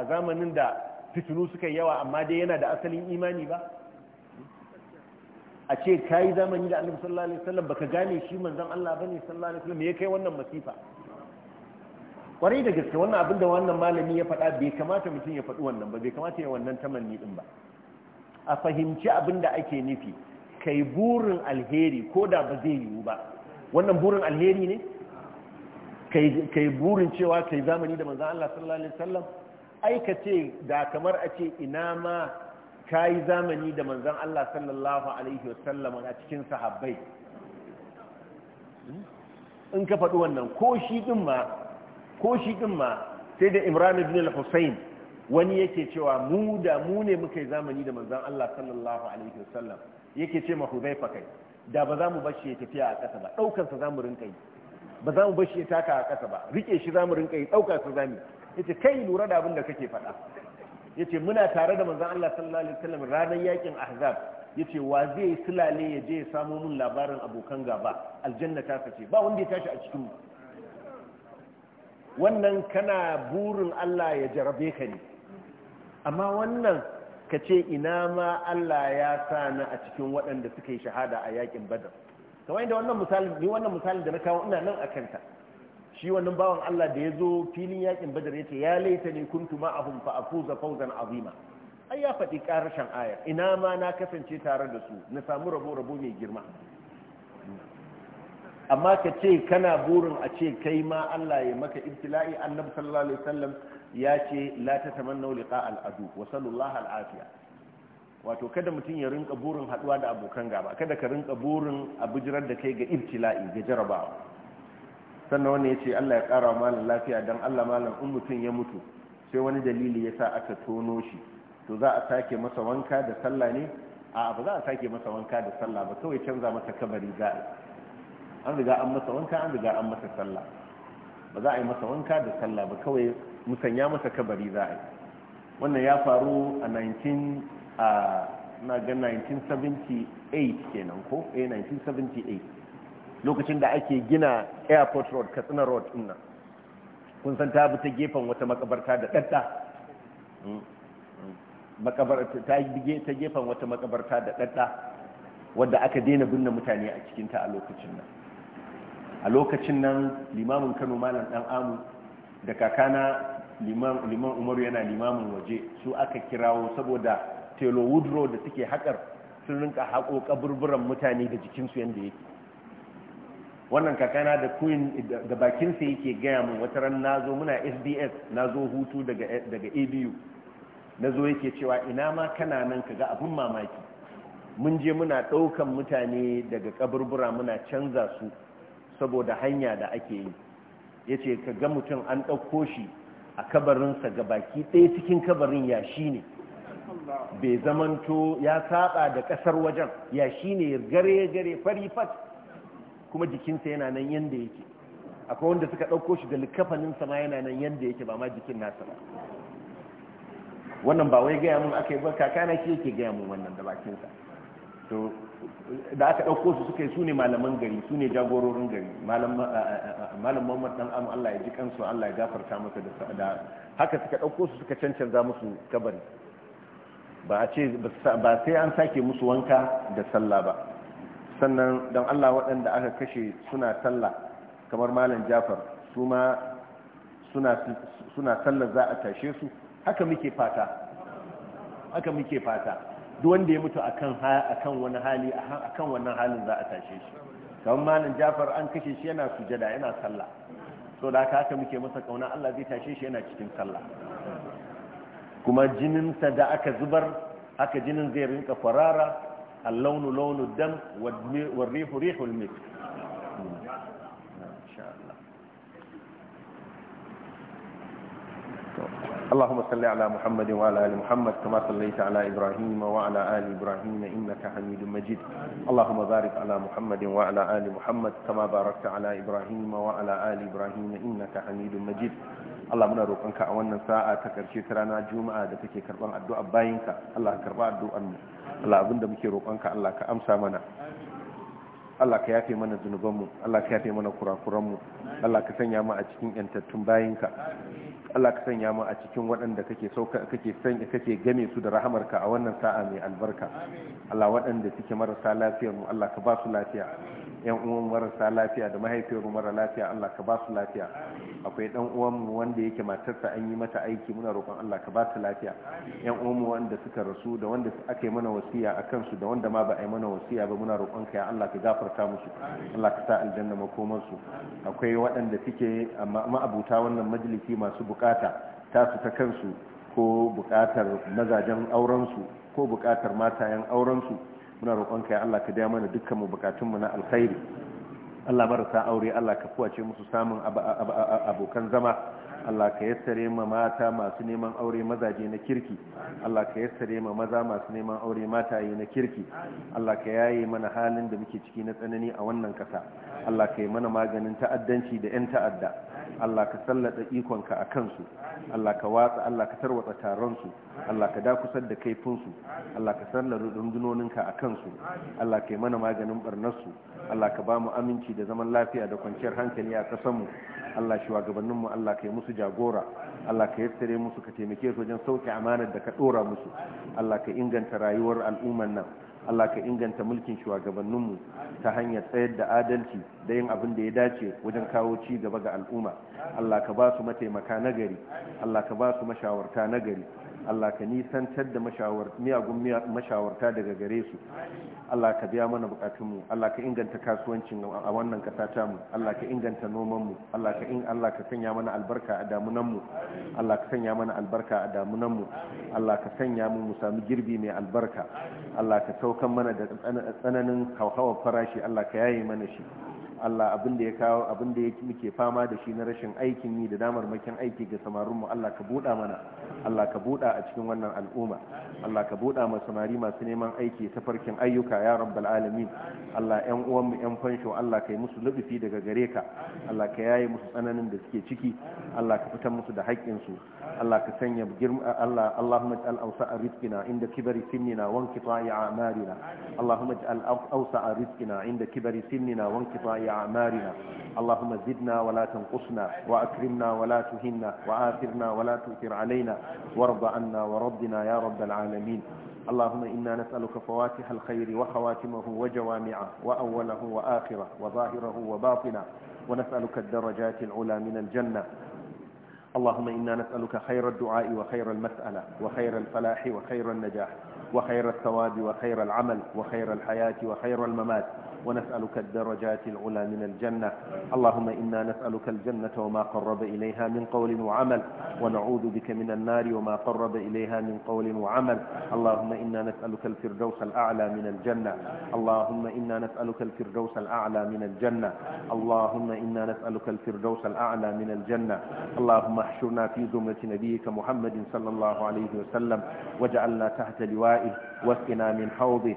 a zamanin da fitinu suka yawa amma dai yana da asalin imani ba a ce ka yi zamani da annabi sallallahu alaihi wasallam baka gane shi manzon Allah bane sallallahu alaihi wasallam me ya kai wannan masifa kwarai da gaske wannan abin da wannan malami ya faɗa bai kamata mutum ya faɗi wannan ba bai kamata ya wannan tamanni din ba a fahimci abin da ake nufi kai burin alheri ko da ba zai yiwu ba wannan burin alheri ne kai burin cewa kai zamani da manzan Allah sallallahu alaihi wasallam ai ce da kamar a ce ina ma ka yi zamani da manzan Allah sallallahu alaihi wasallam a cikin sahabbai in ka faɗi wannan ko shi ɗin ma sai da imran ibn al-husayn wani yake cewa mu da mu ne muka yi zamani da manzan Allah sallallahu alaihi wasallam yake ce ma huzaifa kai da ba za mu bar shi ya tafiya a ƙasa ba ɗaukar sa za mu rinka yi ba za mu bar shi ya taka a ƙasa ba rike shi za mu rinka yi ɗaukar sa za mu yace kai lura da abin da kake faɗa yace muna tare da manzon Allah sallallahu alaihi wasallam ranar yakin ahzab yace wa zai silale ya je ya samo mun labarin abokan gaba aljanna ta ce ba wanda ya tashi a cikin mu wannan kana burin Allah ya jarabe ka ne amma wannan ka ce ina ma Allah ya sa na a cikin waɗanda suka yi shahada a yakin badar kamar yadda wannan misali da na kawo ina nan a kanta shi wannan bawan Allah da ya zo filin yakin badar ya ce ya laita ne kuntu a fa afuza fawzan azima ai ya faɗi ƙarashen ayar ina ma na kasance tare da su na samu rabo rabo mai girma amma ka ce kana burin a ce kai ma Allah ya maka ibtila'i annabi sallallahu alaihi wasallam ya ce la ta tamanna liqa al adu wa sallallahu al afiya wato kada mutum ya rinka burin haduwa da abokan gaba kada ka rinka burin a da kai ga ibtila'i ga jarabawa sannan wani ya ce Allah ya kara wa malam lafiya dan Allah malam in mutum ya mutu sai wani dalili ya sa aka tono shi to za a sake masa wanka da sallah ne a ba za a sake masa wanka da sallah ba kawai canza masa kabari ga an riga an masa wanka an riga an masa sallah ba za a yi masa wanka da sallah ba kawai musanya masa kabari za a yi wannan ya faru a 1978 kenan ko a eh, 1978 lokacin da ake gina airport road katsina road inna kun san ta bi ta gefen wata makabarta da dadda hmm. ta ta gefen wata makabarta da dadda wadda aka daina binne mutane a cikinta a lokacin nan a lokacin nan limamin kano malam ɗan amu da kakana liman umaru yana limamin waje su aka kirawo saboda telo woodrow da suke haƙar sun rinka haƙo kaburburan mutane da jikinsu yadda yake wannan kakana da queen da bakinsa yake gaya mun wata ran na zo muna sbs na zo hutu daga abu na zo yake cewa ina ma kana nan ka ga abin mamaki mun je muna ɗaukan mutane daga kaburbura muna canza su saboda hanya da ake yi ya ce ka ga mutum an ɗauko shi a kabarinsa ga baki ɗaya cikin kabarin shi ne bai zamanto ya saba da ƙasar wajen yashi ne gare-gare fari fat kuma jikinsa yana nan yadda yake akwai wanda suka ɗauko shi da likafaninsa ma yana nan yadda yake ba ma jikin nasa ba wannan ba wai gaya mun aka yi ba kakana shi yake gaya mun wannan da bakinsa to da aka ɗauko su suka yi su ne malaman gari su ne jagororin gari malam eh, eh, eh, muhammad dan amu allah ya ji kansu allah ya gafarta masa da haka suka ɗauko su suka cancanza musu kabari ba a ce ba sai an sake musu wanka da sallah ba sannan don allah waɗanda aka kashe suna sallah kamar malam jafar su ma suna sallah za a tashe su haka muke fata haka muke fata duk wanda ya mutu akan akan wani hali akan wannan halin za a tashe shi kamar malam Jafar an kashe shi yana sujada yana sallah so da haka haka muke masa kauna Allah zai tashe shi yana cikin sallah kuma jinin sa da aka zubar haka jinin zai rinka farara al-launu launu dam wa rihu rihul misk اللهم صل على محمد وعلى آل محمد كما صليت على إبراهيم وعلى آل إبراهيم إنك حميد مجيد اللهم بارك على محمد وعلى آل محمد كما باركت على إبراهيم وعلى آل إبراهيم إنك حميد مجيد Allah muna roƙonka a wannan sa'a ta ƙarshe ta rana Juma'a da take karɓar addu'a bayinka Allah ka karɓa addu'an mu Allah abinda muke roƙonka Allah ka amsa mana Allah ka yafe mana zunubanmu Allah ka yafe mana kurakuranmu Allah ka sanya mu a cikin yantattun bayinka Allah ka sanya mu a cikin waɗanda kake sauka kake sanya kake game su da rahamarka a wannan sa'a mai albarka Allah waɗanda suke marasa lafiyar mu Allah ka ba su lafiya yan uwan marasa lafiya da mahaifiyar mara lafiya Allah ka ba su lafiya akwai dan uwan mu wanda yake matarsa an yi mata aiki muna roƙon Allah ka ba su lafiya yan uwan mu wanda suka rasu da wanda aka yi mana wasiya akan su da wanda ma ba a yi mana wasiya ba muna roƙon ka ya Allah ka gafarta musu Allah ka sa aljanna makomar su akwai waɗanda suke ma'abuta wannan majalisi masu bukata tasu ta kansu ko bukatar mazajen aurensu ko bukatar matayen aurensu muna roƙonka ya Allah ka daya mana dukkan mu bukatun mu na alkhairi Allah marasa aure Allah ka fuwace musu samun abokan zama Allah ka yassare ma mata masu neman aure mazaje na kirki Allah ka yassare ma maza masu neman aure mataye na kirki Allah ka yaye mana halin da muke ciki na tsanani a wannan kasa Allah ka yi mana maganin ta'addanci da 'yan ta'adda Allah ka sallata ikonka a kansu Allah ka watsa Allah ka tarwatsa su Allah ka dakusar da kaifinsu Allah ka sallada dundunoninka a kansu Allah ka yi mana maganin barnarsu Allah ka ba mu aminci da zaman lafiya da kwanciyar hankali a kasanmu Allah shugabanninmu Allah ka yi musu jagora Allah ka yassare musu ka taimake su wajen sauke amanar da ka dora musu Allah ka inganta rayuwar al'umman nan Allah ka inganta mulkin shugabanninmu ta hanyar tsayar da adalci da yin abin da ya dace wajen kawo ci gaba ga al'umma Allah ka ba su mataimaka nagari Allah ka ba su mashawarta nagari Allah ka nisantar da miyagun mashawarta daga gare su Allah ka biya mana bukatunmu Allah ka inganta kasuwancin a wannan kasa mu Allah ka inganta nomanmu Allah ka in sanya mana albarka a damunanmu Allah ka sanya mana albarka a damunanmu Allah ka sanya mu mu sami girbi mai albarka Allah ka saukan mana da tsananin hauhawar farashi Allah ka yaye mana shi Allah abin da ya kawo abin da muke fama da shi na rashin aikin yi da damar makin aiki ga samarinmu Allah ka buɗa mana Allah ka buɗa a cikin wannan al'umma Allah ka buɗa ma samari masu neman aiki ta farkin ayyuka ya rabbal alamin Allah ƴan uwan mu ƴan fansho Allah ka yi musu lubufi daga gare ka Allah ka yaye musu tsananin da suke ciki Allah ka fitar musu da haƙƙin su Allah ka sanya girma Allah Allahumma ij'al awsa rizqina inda kibari sinnina wa inqita'i a'malina Allahumma ij'al awsa rizqina inda kibari sinnina wa inqita'i سيئات اللهم زدنا ولا تنقصنا وأكرمنا ولا تهنا وآثرنا ولا تؤثر علينا وارض عنا وردنا يا رب العالمين اللهم إنا نسألك فواتح الخير وخواتمه وجوامعه وأوله وآخره وظاهره وباطنه ونسألك الدرجات العلى من الجنة اللهم إنا نسألك خير الدعاء وخير المسألة وخير الفلاح وخير النجاح وخير الثواب وخير العمل وخير الحياة وخير الممات ونسألك الدرجات العلى من الجنة اللهم إنا نسألك الجنة وما قرب إليها من قول وعمل ونعوذ بك من النار وما قرب إليها من قول وعمل اللهم إنا نسألك الفردوس الأعلى من الجنة اللهم إنا نسألك الفردوس الأعلى من الجنة اللهم إنا نسألك الفردوس الأعلى من الجنة اللهم احشرنا في زمرة نبيك محمد صلى الله عليه وسلم واجعلنا تحت لوائه واسقنا من حوضه